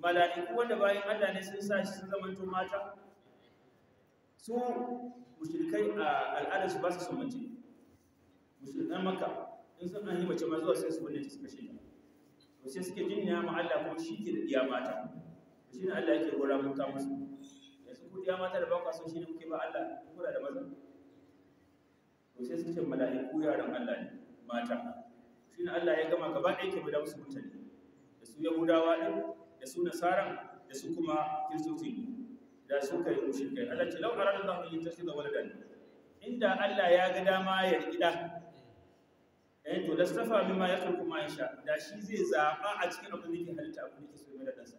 Allah ne sun sa shi نسيسا شزمان mata? su mushrikai a al'adar su ba su sun mace mushrikan maka in sun an yi mace ma zuwa sai su wani suka shi to sai suke jinniya ma Allah kuma shi ke da iya mata shi ne Allah yake gora mun ka musu yanzu ku iya mata da ba ku shi ne muke ba Allah kura da maza to sai suke ce mala'iku yaran Allah ne mata shi ne Allah ya gama gaba ɗaya ke bada musu mutane da su Yahudawa ɗin da su Nasaran da su kuma Kiristoci da sun kai mushrikai Allah ce law arada yi an yattakhidha waladan inda Allah ya ga dama ya riki eh to da safa san kuma ma sha da shi zai zaba a cikin abin da yake halitta abin da yake so da kansa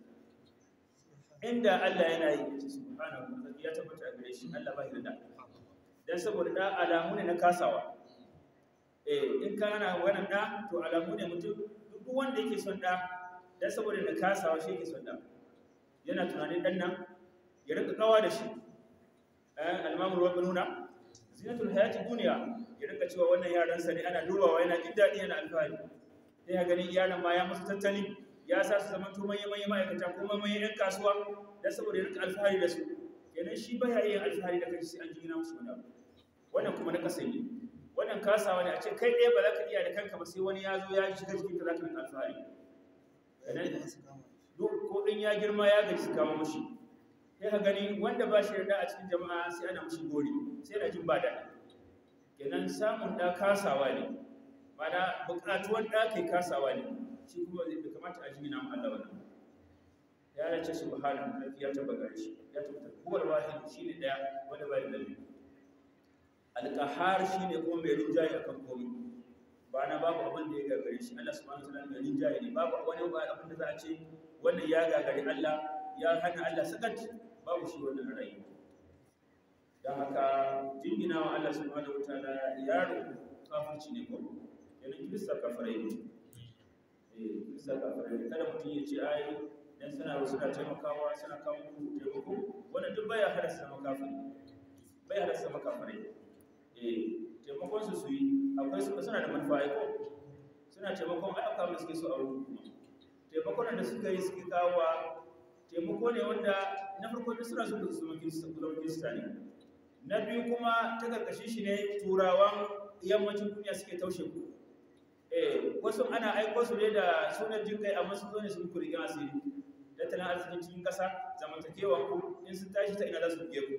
inda Allah yana yi ce subhanahu wa ta'ala ya tabbata gare shi Allah ba shi da dan saboda da alamu ne na kasawa eh in kana wannan da to alamu ne mutum duk wanda yake son da dan saboda na kasawa shi yake son da yana tunanin dan nan ya rinka kawa da shi eh, almamu ruwan nuna zinatul hayati duniya ya rinka cewa wannan yaransa ne ana dubawa yana jin daɗi yana alfahari sai ya ganin iyalan ma ya musu tattali ya sa su zama tumai ya ma'aikata ko manyan yan kasuwa dan saboda ya rinka alfahari da su kenan shi baya yin alfahari da kai sai an juna musu wani wannan kuma na kasan ne wannan kasawa ne a ce kai ɗaya ba za ka iya da kanka ba sai wani ya zo ya shiga jikinka za ka rinka alfahari ko in ya girma ya gaji su kama mashi sai ka gani wanda ba shi yarda a cikin jama'a sai ana musu gori sai na jin ba da kenan samun da kasawa ne Ba da bukatuwan da kai kasawa ne shi kuma zai kamata a jimina mu Allah wannan ya race subhanahu wa ya tabbata shi ya tabbata huwal shi ne daya wanda ba da alqahar ne kuma mai rinjaye kan komai ba na babu abin da ya gagare shi Allah subhanahu wa ta'ala mai rinjaye ne babu wani abin da za a ce wannan ya gagare Allah ya hana Allah sakat babu shi wannan rayuwa da haka jingina wa Allah subhanahu wataala yaro kafirci ne ko yana kirista kafirai ne eh kirista kafirai ne kada mutum ya ce ai dan suna wasu ka taimakawa suna kawo muku taimako wannan duk baya halasta makafiri bai halasta makafirai eh taimakon su su yi akwai su suna da manufa ai ko suna taimakon ai aka musu su a rubutu taimakon da suka yi suke kawo taimako ne wanda na farko ne suna su zama kirista ne na biyu kuma ta karkashin shi ne turawan yammacin duniya suke taushe ku eh, wasu ana aiko su ne da sunan jin kai amma su zo ne su ku gasi asiri tattalin arzikin cikin kasa zamantakewa ku in sun tashi ta ina za su biye ku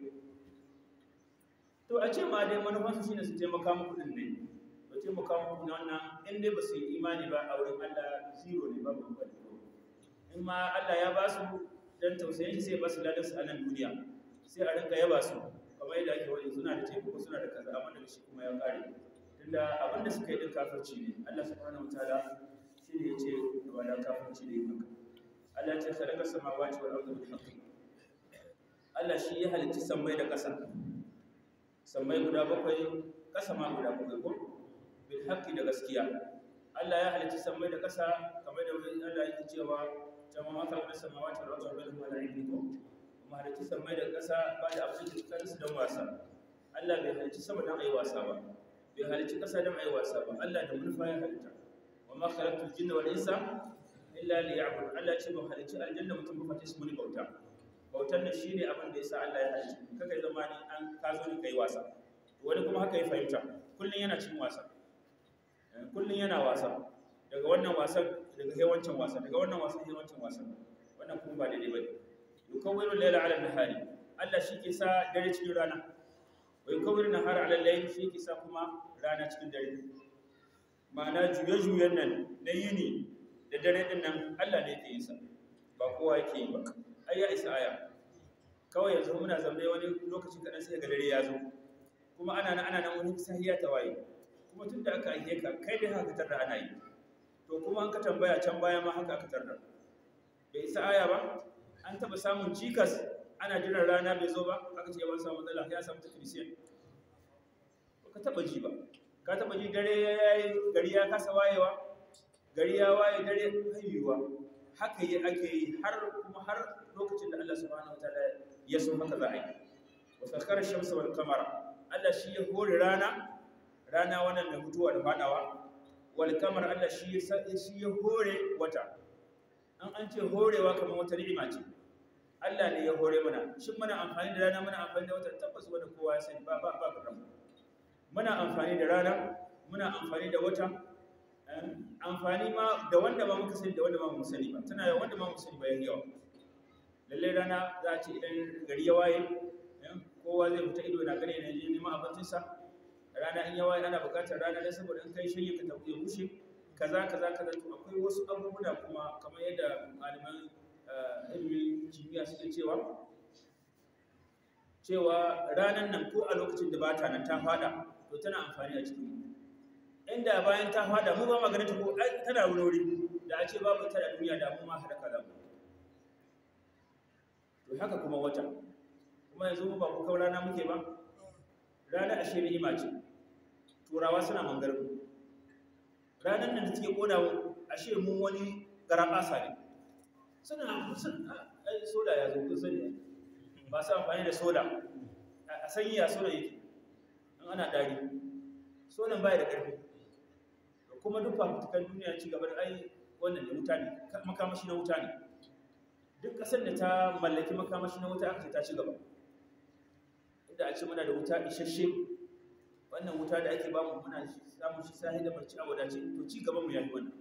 to a ce ma dai su shine su taimaka muku din ne to taimaka muku na wannan in dai ba su yi imani ba a wurin Allah zero ne ba ba in ma Allah ya ba su don tausayin shi sai ba su ladansu a nan duniya sai a rinka yaba su kamar yadda ake wani suna da teku suna da kaza amma daga shi kuma ya kare tunda abin da suka yi din kafirci ne Allah subhanahu wataala shi ne ya ce wala kafirci ne maka Allah ya ce sadaka samawati wal ardi bil haqqi Allah shi ya halicci sammai da ƙasa sammai guda bakwai ƙasa ma guda bakwai ko bil haqqi da gaskiya Allah ya halicci sammai da ƙasa kamar da Allah yake cewa dama ma kalmar samawati wal ardi bil mala'iku ko kuma samai da ƙasa ba da abin da kan dan wasa Allah bai halicci sama dan ayi wasa ba bai halicci ƙasa dan ayi wasa ba Allah da mulfa ya halitta wa ma jinna wal insa illa liya'budun Allah ce ba halicci aljanna mutum ba fa ta bauta bautar da shi ne abin da ya sa Allah ya halicci kaka yi zama ne an ka zo kai wasa wani kuma haka ya fahimta kullum yana cin wasa eh, kullum yana wasa daga wannan wasan daga yawancin wasa daga wannan wasan yawancin wasan. wannan kuma ba daidai ba bane yukawwiru Laila ala nahari Allah shi ke sa dare cikin rana wa yukawwiru nahara ala layl shi ke sa kuma rana cikin dare ma'ana juye-juyen nan na yini da dare din nan Allah ne yake yin sa ba kowa yake yi ba ai ya isa aya kawai yanzu muna zamne wani lokacin kaɗan sai ga dare ya zo kuma ana nan ana nan wani sahiya ta waye kuma tun da aka aike ka kai dai haka tarda ana yi to kuma an ka tambaya can baya ma haka aka tarda bai isa aya ba an taba samun cikas ana jiran rana bai zo ba aka ce ban samu matsala ya samu takrisiyan To ka taba ji ba ka taba ji dare ya yi gari ya kasa wayewa gari ya waye dare haihuwa haka yi ake yi har kuma har lokacin da Allah subhanahu wataala ya so maka za a yi wa sakkara shamsa wal qamara Allah shi ya hore rana rana wannan mai mutuwa da fadawa Walƙamar Allah shi ya hore wata an an ce horewa kamar wata ni'ima ce Allah ne ya hore mana shin muna amfani da rana muna amfani da wata tabbas wanda kowa ya sani ba ba ba ka ramu muna amfani da rana muna amfani da wata ehm, amfani ma da wanda ba muka sani da wanda ba mu sani ba tana yawan wanda ba mu sani ba yayi yawa lalle rana za a ce idan gari ya waye ehm, kowa zai fita ido na gane ne neman abincinsa rana in yawa ana buƙatar rana ne saboda in kai shanye ka ya bushe kaza kaza kaza to akwai wasu abubuwa kuma kamar yadda malaman eh, ilimin kimiyya suke cewa cewa ranar nan ko a lokacin da ba ta nan ta fada to tana amfani a cikin inda bayan ta fada mu ba magana ta ko tana wuri da a ce babu ta da duniya da mu ma har kaza to haka kuma wata kuma yanzu ba ku kawo rana muke ba rana ashe ni'ima ce turawa suna mangarmu ranar nan da suke koda shi mun wani garan asa ne suna soda ya zo kusa ne ba su amfani da soda a sanyi ya soda yake in ana dari sodan baya da ƙarfi kuma duk fafutukan duniya ci gaba da ai wannan da wuta ne makamashi na wuta ne duk ƙasar da ta mallaki makamashi na wuta aka ce ta ci gaba inda a ce mana da wuta isasshe wannan wuta da ake bamu muna samun shi sai da mace a wadace to ci gaba mu yayi wannan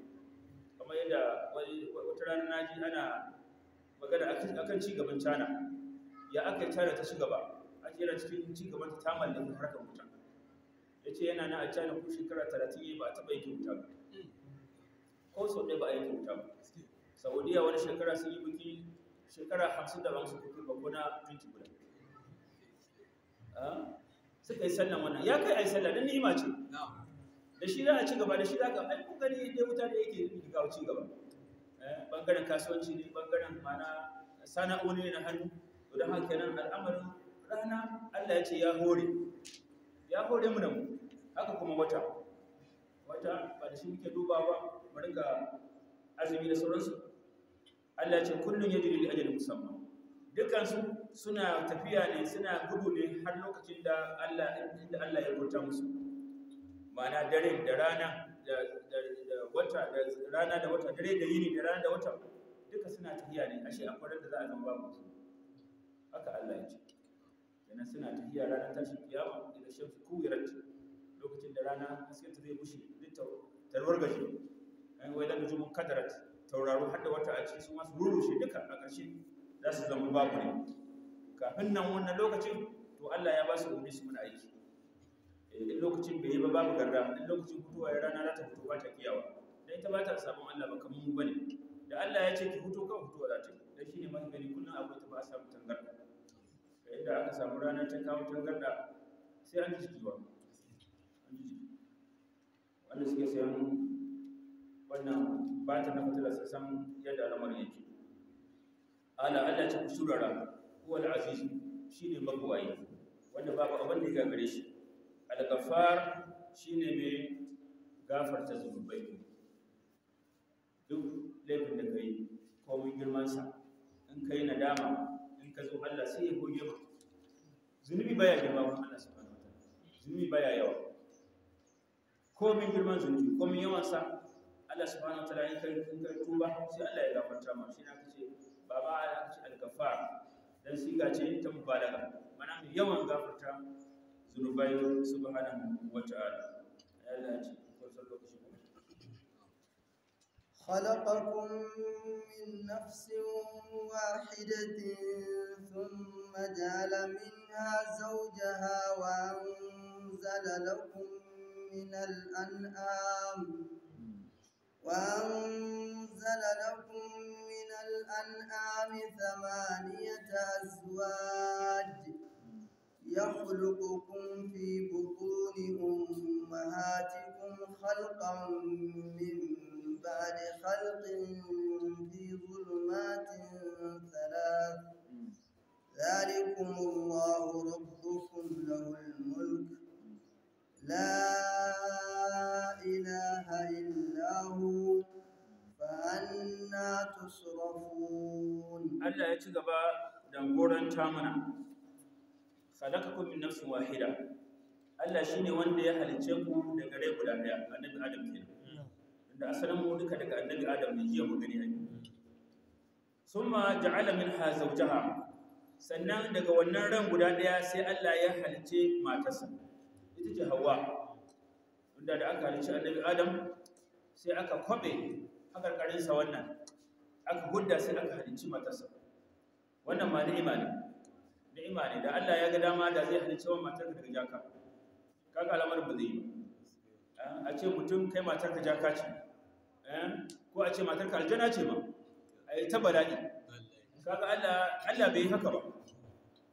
kamar yadda wata rana na ji ana magana akan ci gaban cana ya aka cana ta ci gaba a jera cikin ci gaban ta ta harkar wuta ya ce yana na a cana ko shekara talatin ya ba a taɓa yake wuta ba ko sau ɗaya ba a yake wuta ba saudiya wani shekara sun yi biki shekara hamsin da ba su fito ba ko na minti suka yi sallan wannan ya kai ai sallan dan ni'ima ce da shi za a ci gaba da shi za ka ai kun gani wuta da yake nufi ga ci gaba eh, bangaren kasuwanci ne bangaren mana sana'o'i ne na hannu to don haka nan al'amarin rana Allah ya ce ya hore ya hore mu da mu haka kuma wata wata ba da shi muke duba ba mu rinka azumi da sauransu Allah ya ce kullun yajri li ajalin musamman dukkan su suna tafiya ne suna gudu ne har lokacin da Allah inda Allah ya rubuta musu ma'ana dare da rana da wata da rana da wata dare da yini da rana da wata duka suna tafiya ne ashe akwai da za a zama babu haka Allah ya ce yana suna tafiya ranar tashin kiyama idan shamsu kuwirat lokacin da rana hasken ta zai bushe zai tarwar gashi an wai da nujumun kadarat tauraro har da wata a cikin sun wasu rurushe duka a ƙarshe za su zama babu ne kafin nan wannan lokacin to Allah ya ba su umarni su muna aiki eh, in lokacin bai yi ba babu garra in lokacin fitowa ya rana ta fito ba ta kiyawa dan ita ba ta samu Allah ba kamar mu bane da Allah ya ce ki fito kan fitowa za ta yi dan shine man gani kullun abu ta ba samu tangarda da aka samu rana ta kawo tangarda sai an ji kiwa an ji suke sayan wannan ba ta na fitila sai san yadda al'amarin yake ala Allah ta kusurara huwa al-aziz shine magwayi wanda babu abin da ya gagare shi al-ghaffar shine mai gafarta zunubai duk laifin da kai mun girman sa in kai nadama in ka zo Allah sai ya goge maka zunubi baya girma wa Allah subhanahu ta'ala zunubi baya yawa mun girman zunubi ko mun yawan sa Allah subhanahu wataala in kai in kai tuba sai Allah ya gafarta ma shi na kace baba Allah kace al-ghaffar dan siga ce ta mubalaga mana mai yawan gafarta zunubai subhanahu wa ta'ala Allah ce ko san lokaci خلقكم من نفس واحدة ثم جعل منها زوجها وأنزل لكم من الأنعام وأنزل لكم من الأنعام ثمانية أزواج يخلقكم في بطون أمهاتكم خلقا من بعد خلق في ظلمات ثلاث ذلكم الله ربكم له الملك لا Allah ya ci gaba da goranta Sadaka khalaqakum min nafsin wahida Allah shine wanda ya halice ku daga rai guda daya annabi Adam ke, da asalin mu duka daga annabi Adam ne jiya mu gani ai summa ja'ala minha zawjaha sannan daga wannan ran guda daya sai Allah ya halice matarsa ita ce hawa wanda da aka halice annabi Adam sai aka kwabe hakarkarinsa wannan aka gudda sai aka halicci matarsa wannan ma ni'ima ne ni'ima ne da Allah ya ga dama da zai halicci wa matar ka daga jaka kaga alamar ba zai yi eh, a ce mutum kai matar ka jaka ce eh, ko a ce matar ka aljana ce ba, a yi ta bala'i kaga Allah Allah bai yi haka ba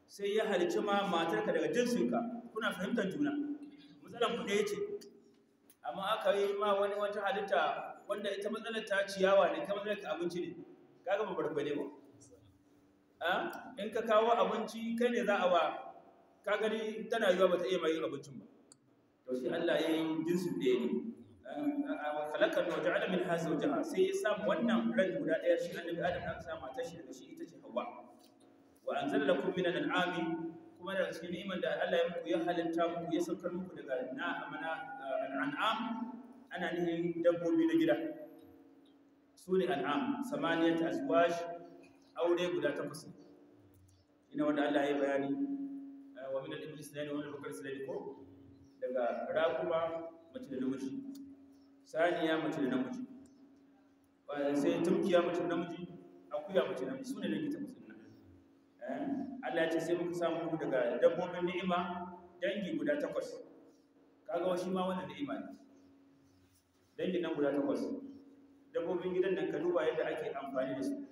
sai ya halice ma matar ka daga jinsin ka, kuna fahimtar juna matsalan ku ne yace amma aka yi ma wani wata halitta wanda ita matsalar ta ciyawa ne ta matsalar abinci ne kaga ba barkwai ne ba Ah? in ka kawo abinci kai ne za a wa ka gani tana yiwa ba ta iya mayin abincin ba to shi Allah ya yi jinsu ɗaya ne ah, ah, halakar da wata alamin hasa wajen sai ya samu wannan ran guda ɗaya shi annabi adam an sa mata shi da shi ita ce hawa wa an zalla kun minan al'ami kuma da cikin iman da Allah ya muku ya halitta muku ya saukar muku daga na amana ana nihin dabbobi na gida su ne al'am samaniyar azwaj aure guda takwas musu ina wanda Allah ya bayani eh, wa min al-iblis la yawma al-bukr ko daga rakuma mace da namiji saniya mace da namiji sai tumkiya mace da namiji akuya mace da namiji sune dangi takwas din nan eh, Allah ya ce sai muka samu daga dabbobin ni'ima dangi guda takwas kaga wa shi ma wannan ni'ima ne dangi nan guda takwas dabbobin gidan nan ka duba yadda ake amfani da su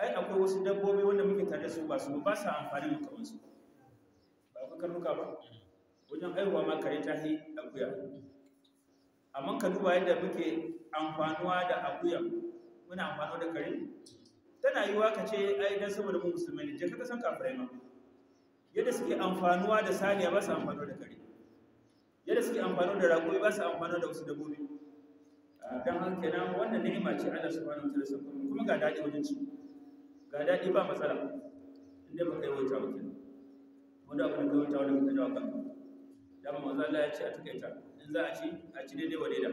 ai akwai wasu dabbobi wanda muke tare su ba su ba sa amfani da kawansu ba ku karnuka ba wajen aiwa ma kare ta yi akuya amma ka duba yadda muke amfanuwa da akuya muna amfanuwa da kare tana yiwa ka ce ai dan saboda mu musulmai ne je ka san kafirai ma yadda suke amfanuwa da saniya ba su amfanuwa da kare yadda suke amfanuwa da ragoyi ba su amfanuwa da wasu dabbobi ah, dan haka wannan ni'ima ce Allah subhanahu wa ta'ala kuma ga dadi wajen ci ga daɗi ba matsala inda ba kai wauta mutum wanda abin da kai wauta wanda ka jawo kanka dan maza Allah ya ce a takaita in za a ci a ci daidai wa daida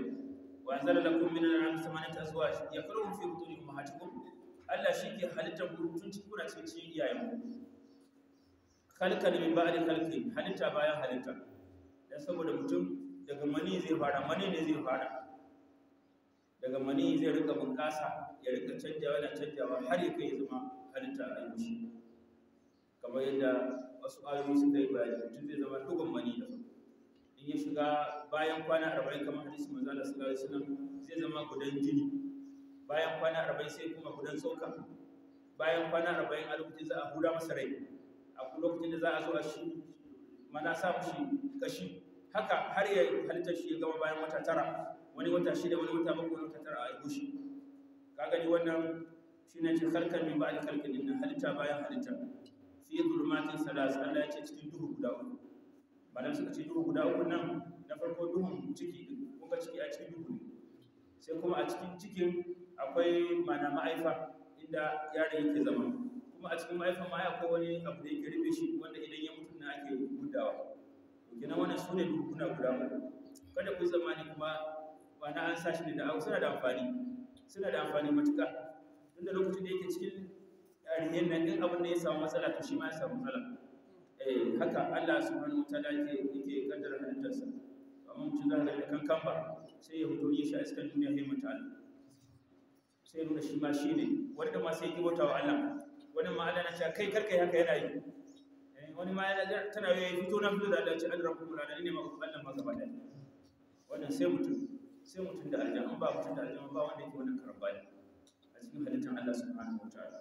wa anzala lakum min al-an'am samanat azwaj yakhluqu fi butuni ummahatikum Allah shi ke halittar gurutun ci kuna cikin cikin iyayen mu. halkan min ba'di halkin halitta bayan halitta dan saboda mutum daga mani zai fara mani ne zai fara daga mani zai rika bunƙasa ya rika canjawa yana canjawa har ya kai zama halitta a yanzu kamar yadda wasu ayoyi suka yi bayani mutum zai zama dogon mani da in ya shiga bayan kwana arba'in kamar hadisi maza Allah sallallahu alaihi zai zama gudan jini bayan kwana arba'in sai kuma gudan tsoka bayan kwana arba'in a lokacin za a hura masa rai a lokacin da za a zo a shi mana sa mushi kashi haka har ya halitta shi ya gama bayan wata tara wani wata shida wani wata bakwai wata tara a haihu ka gani wannan shi ne ce harkar min ba'ad halkar din halitta bayan halitta fi zulmatin salas Allah ya ce cikin duhu guda uku malam suka ce duhu guda uku nan na farko duhun ciki kun ga ciki a cikin duhu ne sai kuma a cikin cikin akwai mana ma'aifa inda yare yake zama kuma a cikin ma'aifan ma akwai wani abu da yake rufe shi wanda idan ya mutu na ake gudawa kenan wannan sune duhuna guda uku kada ku ni kuma wani na an sa shi ne da abu suna da amfani suna da amfani matuƙa da lokacin da yake cikin rihin nan ɗin abin da ya samu matsala to shi ma ya samu matsala eh haka Allah subhanahu wataala yake yake kaddara halittarsa a mutum za ka kan kamfa sai ya fito yin shi a cikin duniya sai mutane sai nuna shi ma shi ne wani da masu yi ki bauta wa Allah wani ma Allah na ce kai karka yi haka yana yi eh, wani ma yana tana yi fito na fito da Allah ce an rabu da ne ma ku Allah ma gaba ɗaya wannan sai mutum sai mutum da aljanna ba mutum da aljanna ba wanda yake wannan karambani a cikin halittar Allah subhanahu wataala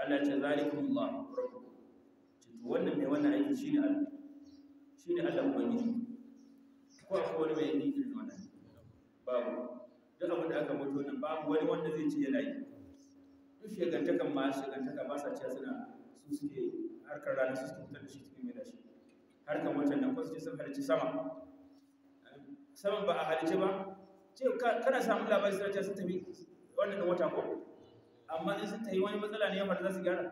Allah ce zalikumullah rabbukum ce to wannan mai wannan aiki shine Allah shine Allah ubangiji ko akwai wani mai yin irin wannan babu duk abin da aka mutu nan babu wani wanda zai ce yana yi duk shegantakan ma shegantakan ba sa cewa suna su suke harkar rana su suke fitar da shi cikin gida shi harkar watan nan ko su ce sun halicci sama saman ba a halicci ba ce kana samu labarin suna cewa sun tafi wannan wata ko amma in sun tafi wani matsala ne ya faru za su gyara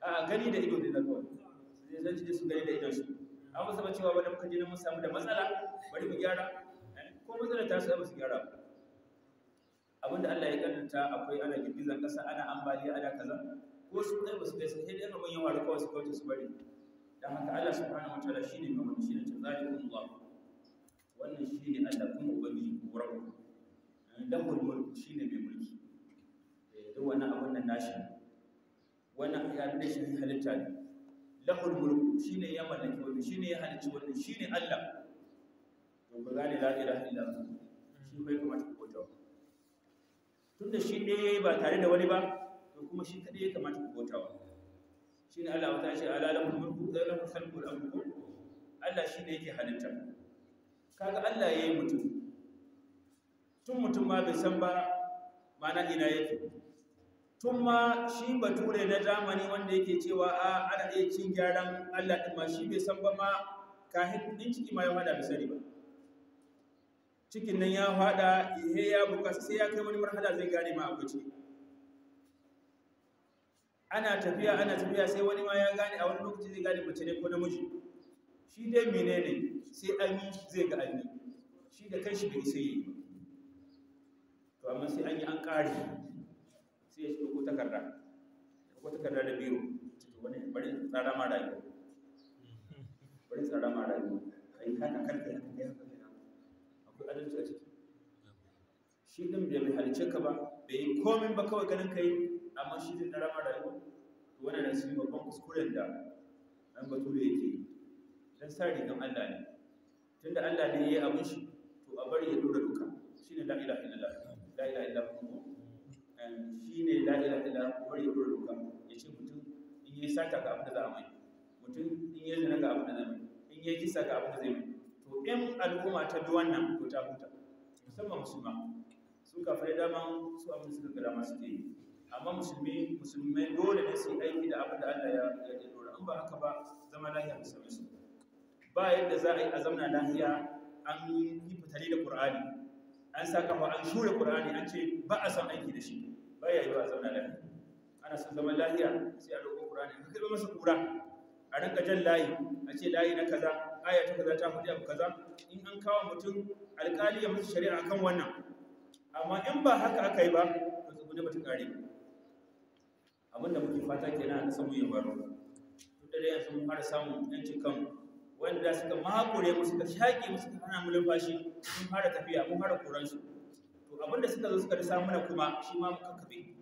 a gani da ido zai zaka zai zan ci su gani da idon su an musa cewa wanda muka je mun samu da matsala bari mu gyara eh, ko matsala ta su ba su gyara ba abinda Allah ya kanta akwai ana girgizan kasa ana ambaliya ana kaza ko su kai ba su kai sai dai manyan wani kawai su kawai su bari dan haka Allah subhanahu wataala shine mai wani shine ta zalimin Allah wannan shi ne Allah kuma ubangiji ko rabu lahul mulk shi ne mai mulki eh, duk wannan abun nan nashi wannan ya da shi halitta ne lahul mulk shi ne ya mallaki wannan shi ne ya halicci wannan shi ne Allah to ku gane la ilaha illa Allah shi bai kamata ku bauta tunda shi ne yayi ba tare da wani ba to kuma shi kadai ya kamata ku bauta shi ne Allah wata shi ala lahul da eh, lahul khalqul amr Allah shi ne yake halitta kaga Allah ya yi mutum tun mutum ma bai san ba mana ina yake tun ma shi bature na zamani wanda yake cewa a ana iya cin gyaran Allah din ma shi bai san ba ma kahin din ciki ma ya fada da sani ba cikin nan ya fada ihe ya buka sai ya kai wani marhala zai gane ma abuci ana tafiya ana tafiya sai wani ma ya gane a wani lokaci zai gane mace ne ko namiji shi dai menene sai an yi zai ga an yi shi da kanshi bai sai yi to amma sai an yi an ƙari sai ya shi ko takarda ko takarda da biro wani bari tsara ma rayu bari tsara ma rayuwa kai kana kanka ya akwai adalci a ciki shi din bai halice ka ba bai yi komin ba kawai ganin kai amma shi din tsara ma rayu wannan ne su babban kuskuren da ɗan bature yake yi don sa rigan Allah ne tunda Allah ne ya yi abin shi to a bari ya dora duka shi ne la'ila illallah la'ila illallah shi ne la'ila illallah bari ya dora ya ce mutum in yi ga abin da za a mai mutum in yi zina abin da za a mai in yi kisa ga abin da zai mai to in al'umma ta bi dama su abin suka gara masu ke amma musulmi musulmai dole ne su aiki da abin da Allah ya dora in ba haka ba zama lafiya musulmi su ba yadda za a yi a lafiya an yi fitali da ƙur'ani an sa kafa an shure ƙur'ani an ce ba a son aiki da shi ba ya yi ba a lafiya ana son zaman lafiya sai a roƙo ƙur'ani ka kalma masa ƙura a rinka jan layi a ce layi na kaza aya ta kaza ta faɗi abu kaza in an kawo mutum alƙali ya mutu shari'a akan wannan amma in ba haka aka yi ba to tsugune ba ta ƙare ba abinda muke fata kenan a samun ya baro duk da yanzu mun fara samun yancin kanmu wanda suka makure mu suka shaƙe mu suka hana mu numfashi sun fara tafiya mun fara koran su to abin da suka zo suka da samu na kuma shi ma mu kakkabe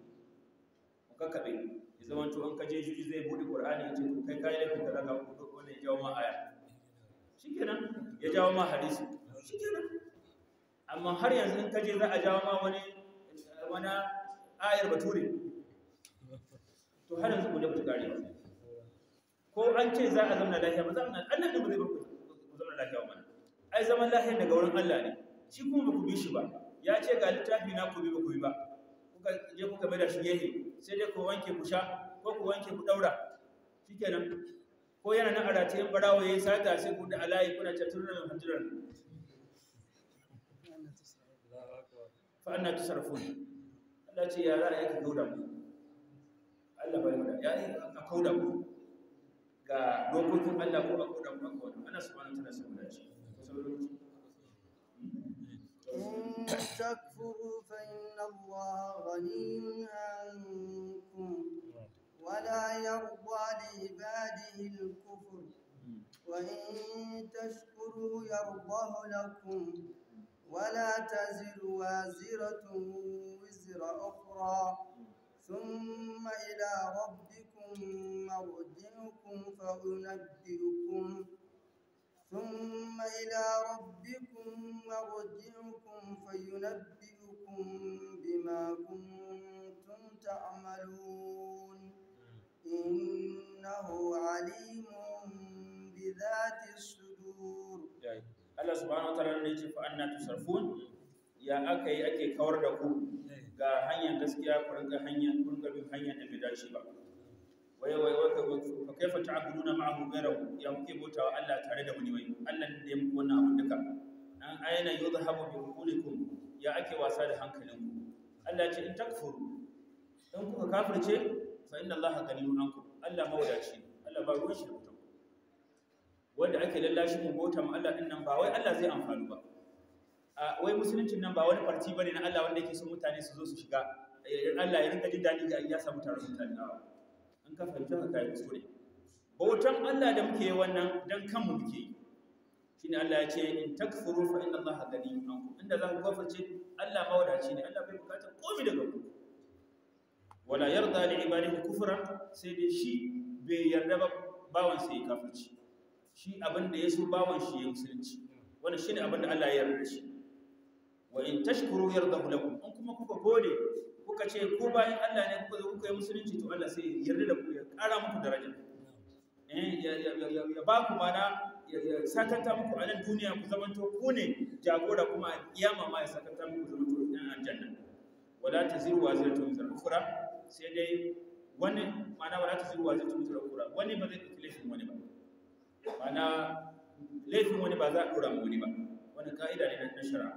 mu kakkabe ya zama to an kaje shi zai bude qur'ani ya ce to kai kai lafi kaza ka ko wannan ya jawo ma aya shikenan ya jawo ma hadisi shikenan amma har yanzu in kaje za a jawo ma wani wani ayar bature to har yanzu ku da ku gare ba ko an ce za a zama lafiya ba zama annabi ba zai ba. ku zama lafiya ba ai zaman lafiya daga wurin Allah ne shi kuma ba ku bi shi ba ya ce ga littafi na ku bi ba ku bi ba kuka je kuka mai da shi gehe sai dai ku wanke ku sha ko ku wanke ku daura shikenan ko yana nan arata yan barawo yayin sata sai ku da alayi kuna ta turna hanjiran fa anna tusarfun Allah ce ya za a yi ka kauda mu Allah bai mu da ya yi ka kauda mu ga dokokin Allah ko a kodan Allah subhanahu wa ta'ala sun dace إن تكفروا فإن الله غني عنكم ولا يرضى لعباده الكفر وإن تشكروا يرضه لكم ولا تزر وازرة وزر أخرى ثم إلى ربكم ثم أرجمكم فأنبئكم ثم إلى ربكم مرجعكم فينبئكم بما كنتم تعملون إنه عليم بذات الصدور Allah subhanahu wa ta'ala ne ce fa anna tusarfun ya aka yi ake kawar da ku ga hanyar gaskiya ku rinka hanyar kun hanyar da bai dace ba wai wai waka fa kaifa ta'buduna ma'ahu ghayrahu ya muke bautawa Allah tare da wani wai Allah ne ya muku wannan abun duka an ayna yuzhabu bi uqulikum ya ake wasa da hankalinku Allah ce in takfuru in kuka kafirce fa inna Allah ghaniyun ankum Allah mawadaci Allah ba ruwan shi da mutum wanda ake lallashi mu bauta ma Allah din nan ba wai Allah zai amfani ba wai musuluncin nan ba wani farti bane na Allah wanda yake son mutane su zo su shiga eh, Allah ya rinka jin daɗi ga ya samu taron mutane a ka kuskure bautan Allah da muke wannan dan kan mu muke shine Allah ya ce in takfuru fa inna Allah ghaniyyun ankum inda za ku gafarce Allah mawadaci ne Allah bai bukata komai daga ku wala yarda li ibadihi kufra sai dai shi bai yarda ba bawan sai ya kafirci shi abin da ya bawan shi ya musulunci wannan shine abin da Allah ya yarda shi wa in tashkuru yarda lakum in kuma kuka gode kuka ce ko bayan Allah ne kuka zo kuka yi musulunci to Allah sai yarda da ku ya ƙara muku daraja eh ya ya ya ya ba ku mana ya sakanta muku a nan duniya ku to ku ne jagora kuma kiyama ma ya sakanta muku zamanto ɗan aljanna wala ziru wa ziratu min al-ukhra sai dai wani mana wala ziru wa ziratu min al kura. wani ba zai kule shi wani ba mana laifin wani ba za a ɗora wani ba wani ka'ida ne na shari'a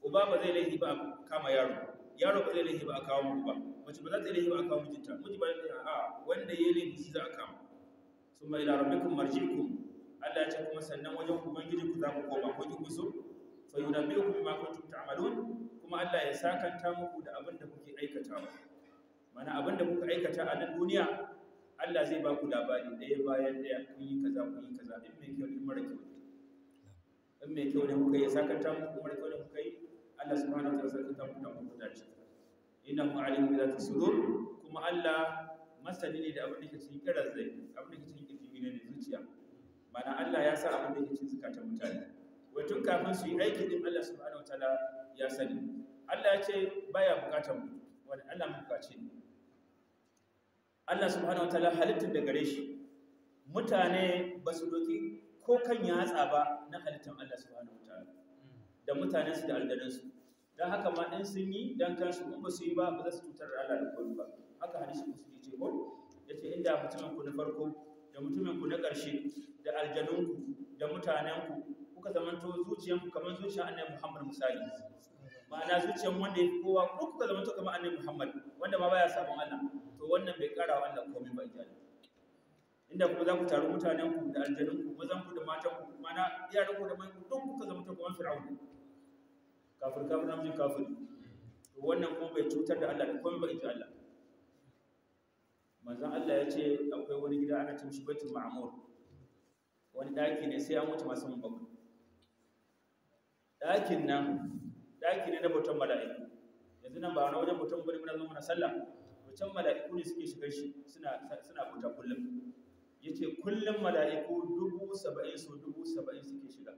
uba ba zai laifi ba kama yaro yaro ba zai laifi ba a kawo mu ba mace ba za ta laifi ba a kawo mijinta miji ba zai a wanda ya laifi shi za a kawo sun mai larabikun marjiku Allah ya ce kuma sannan wajen ubangiji ku za ku koma ko ku so fa yunabbiukum bima kuntum ta'malun kuma Allah ya sakanta muku da abin da kuke aikata. mana abin da kuka aikata a nan duniya Allah zai ba ku labari daya bayan daya kun yi kaza kun yi kaza in mai kyau ne mara kyau in mai kyau ne kuka yi sakanta muku mara kyau ne kuka yi Allah subhanahu wa ta'ala ta mutum ku dace innahu alim bi zati sudur kuma Allah masani ne da abin da ke cikin kiran zai abin da ke cikin kirji ne zuciya mana Allah ya sa abin da ke cikin zukatan mutane wai tun kafin su yi aiki din Allah subhanahu ta'ala ya sani Allah ya ce baya bukatar mu wani Allah mabukaci ne Allah subhanahu ta'ala halittar da gare shi mutane ba su doki ko kan yatsa ba na halittar Allah subhanahu da mutanensu da aljanansu don haka ma ɗan sun yi don kansu in ba su yi ba ba za su cutar da Allah da kwallo ba haka hadisi musulmi ce ko ya ce inda mutumin ku na farko da mutumin ku na ƙarshe da aljanunku da mutanenku kuka zamanto zuciyanku kamar zuciyar annabi Muhammad misali ma'ana zuciyan wanda ya kowa ko kuka zamanto kamar annabi Muhammad wanda ma baya sabon Allah to wannan bai ƙara wa Allah komai ba ijali inda kuma za ku taru mutanenku da aljanunku mazanku da matanku mana yaranku da manku don kuka zama ta kuma fir'auna kafir kafir namijin kafir wannan kuma bai cutar da Allah da komai bai ji Allah manzon Allah ya ce akwai wani gida ana cin shi baitul ma'mur wani daki ne sai an wuce masu mun bakwai dakin nan daki ne na bautan mala'iku yanzu nan ba wani wajen bautan bane muna zo muna sallah bautan mala'iku ne suke shigar shi suna suna bauta kullum yace kullum mala'iku dubu saba'in so dubu saba'in suke shiga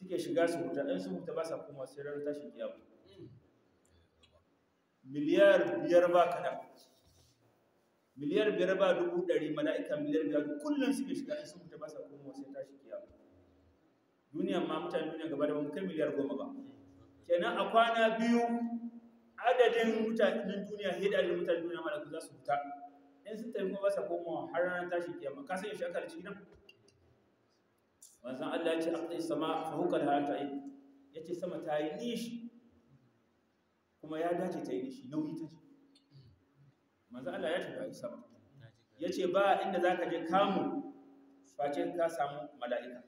suke shiga su huta ɗan su huta ba sa kuma sai tashi biya ba. miliyar biyar ba kaɗan miliyar biyar ba dubu ɗari mala'ika miliyar biyar kullum suke shiga ɗan su huta ba sa kuma sai biya ba. duniyan ma mutane duniya gaba da ba kai miliyar goma ba kenan a kwana biyu adadin mutanen duniya hidda mutanen duniya mala'iku za su huta in sun tafi kuma ba sa komawa har ranar tashi kiyama ka san yaushe aka da cikin nan manzan Allah ya ce aqdi sama ta yi. Ya ce sama ta yi nishi kuma ya dace ta yi nishi nauyi ta ce manzan Allah ya ce ta yi sama Ya ce ba inda za ka je kamu face ka samu mala'ika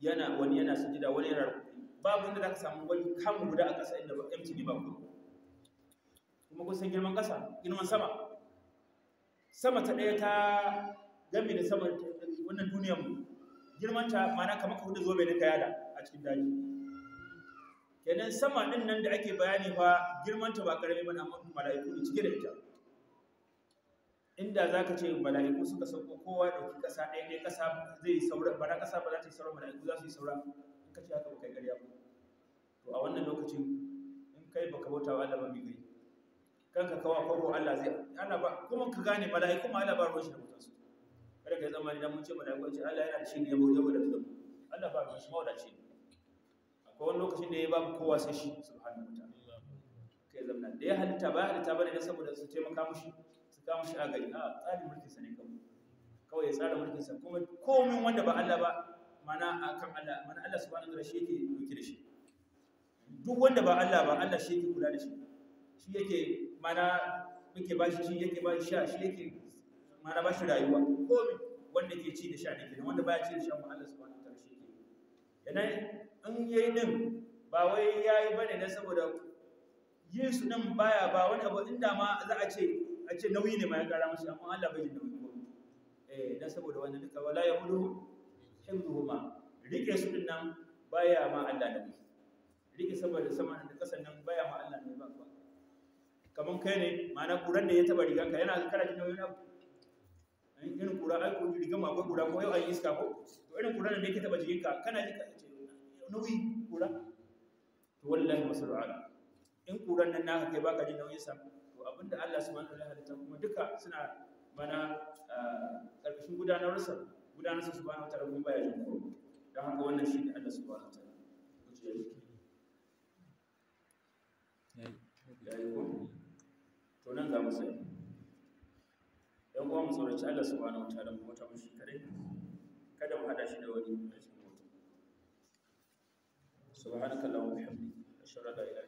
yana wani yana su jida wani yana babu inda ka samu wani kamu guda a ƙasa inda ba MTV ba ku kuma kusan san girman ƙasa girman sama sama ta ɗaya ta gami da sama wannan duniyar mu Girmanta mana kamar ka hudu zo mai nika yada a cikin daji kenan sama din nan da ake bayani fa girmanta ba karami ba amma mala'iku da cike da ita inda za ka ce mala'iku suka sauko kowa dauki kasa ɗaya ɗaya kasa zai saura na kasa ba za ta yi saura mala'iku za su yi saura in ka ce haka ba kai ƙarya ba to a wannan lokacin in kai baka bauta wa Allah ba mai gari kanka kawa kwabo Allah zai Allah ba kuma ka gane mala'iku ma Allah ba ruwan shi da mutansu kada ka zama idan mun ce mala'iku ce Allah yana shi ne ya bude da mu Allah ba shi mawada ce akwai wani lokacin da ya babu kowa sai shi subhanahu wataala kai zamna da ya halitta ba halitta bane ne saboda su taimaka mushi su ka mushi a gari a tsarin mulkin sa ne kawai kawai ya tsara mulkin sa kuma komin wanda ba Allah ba mana akan Allah mana Allah subhanahu wataala shi yake doki da shi duk wanda ba Allah ba Allah shi yake kula da shi shi yake mana muke ba shi shi yake ba shi sha shi yake ma'ana ba shi rayuwa komai wanda ke ci da sha da kenan wanda baya ci da sha mu Allah subhanahu wataala shi ke kenan in yayi din ba wai yayi bane na saboda yin su nan baya ba wani abu inda ma za a ce a ce nauyi ne ma ya kara musu amma Allah bai ji nauyi ba eh dan saboda wannan duka wala yahudu himduhuma rike su din nan baya ma Allah nauyi rike saboda sama da kasan nan baya ma Allah nauyi ba kaman kai ne ma'ana kuran da ya taba ka, yana karanta nauyin abu irin kura ai ko riga ma akwai kura ko yau ai iska ko to irin kura nan da yake taba ka kana ji ka ce nauyi kura to wallahi masar'al in kuran nan naka kai baka ji nauyin sa to abinda Allah subhanahu wa ta'ala halitta kuma duka suna mana karkashin ah, gudanar sa gudanar sa subhanahu wa ta'ala kuma baya jin kuro dan haka wannan shi ne Allah subhanahu wa ta'ala yayi yayi ko to nan za mu sai yan kuma mu tsoraci Allah subhanahu wataala mu bauta mushi kare kada mu hada shi da wani a cikin mutum wa bihamdika ashhadu an la ilaha illa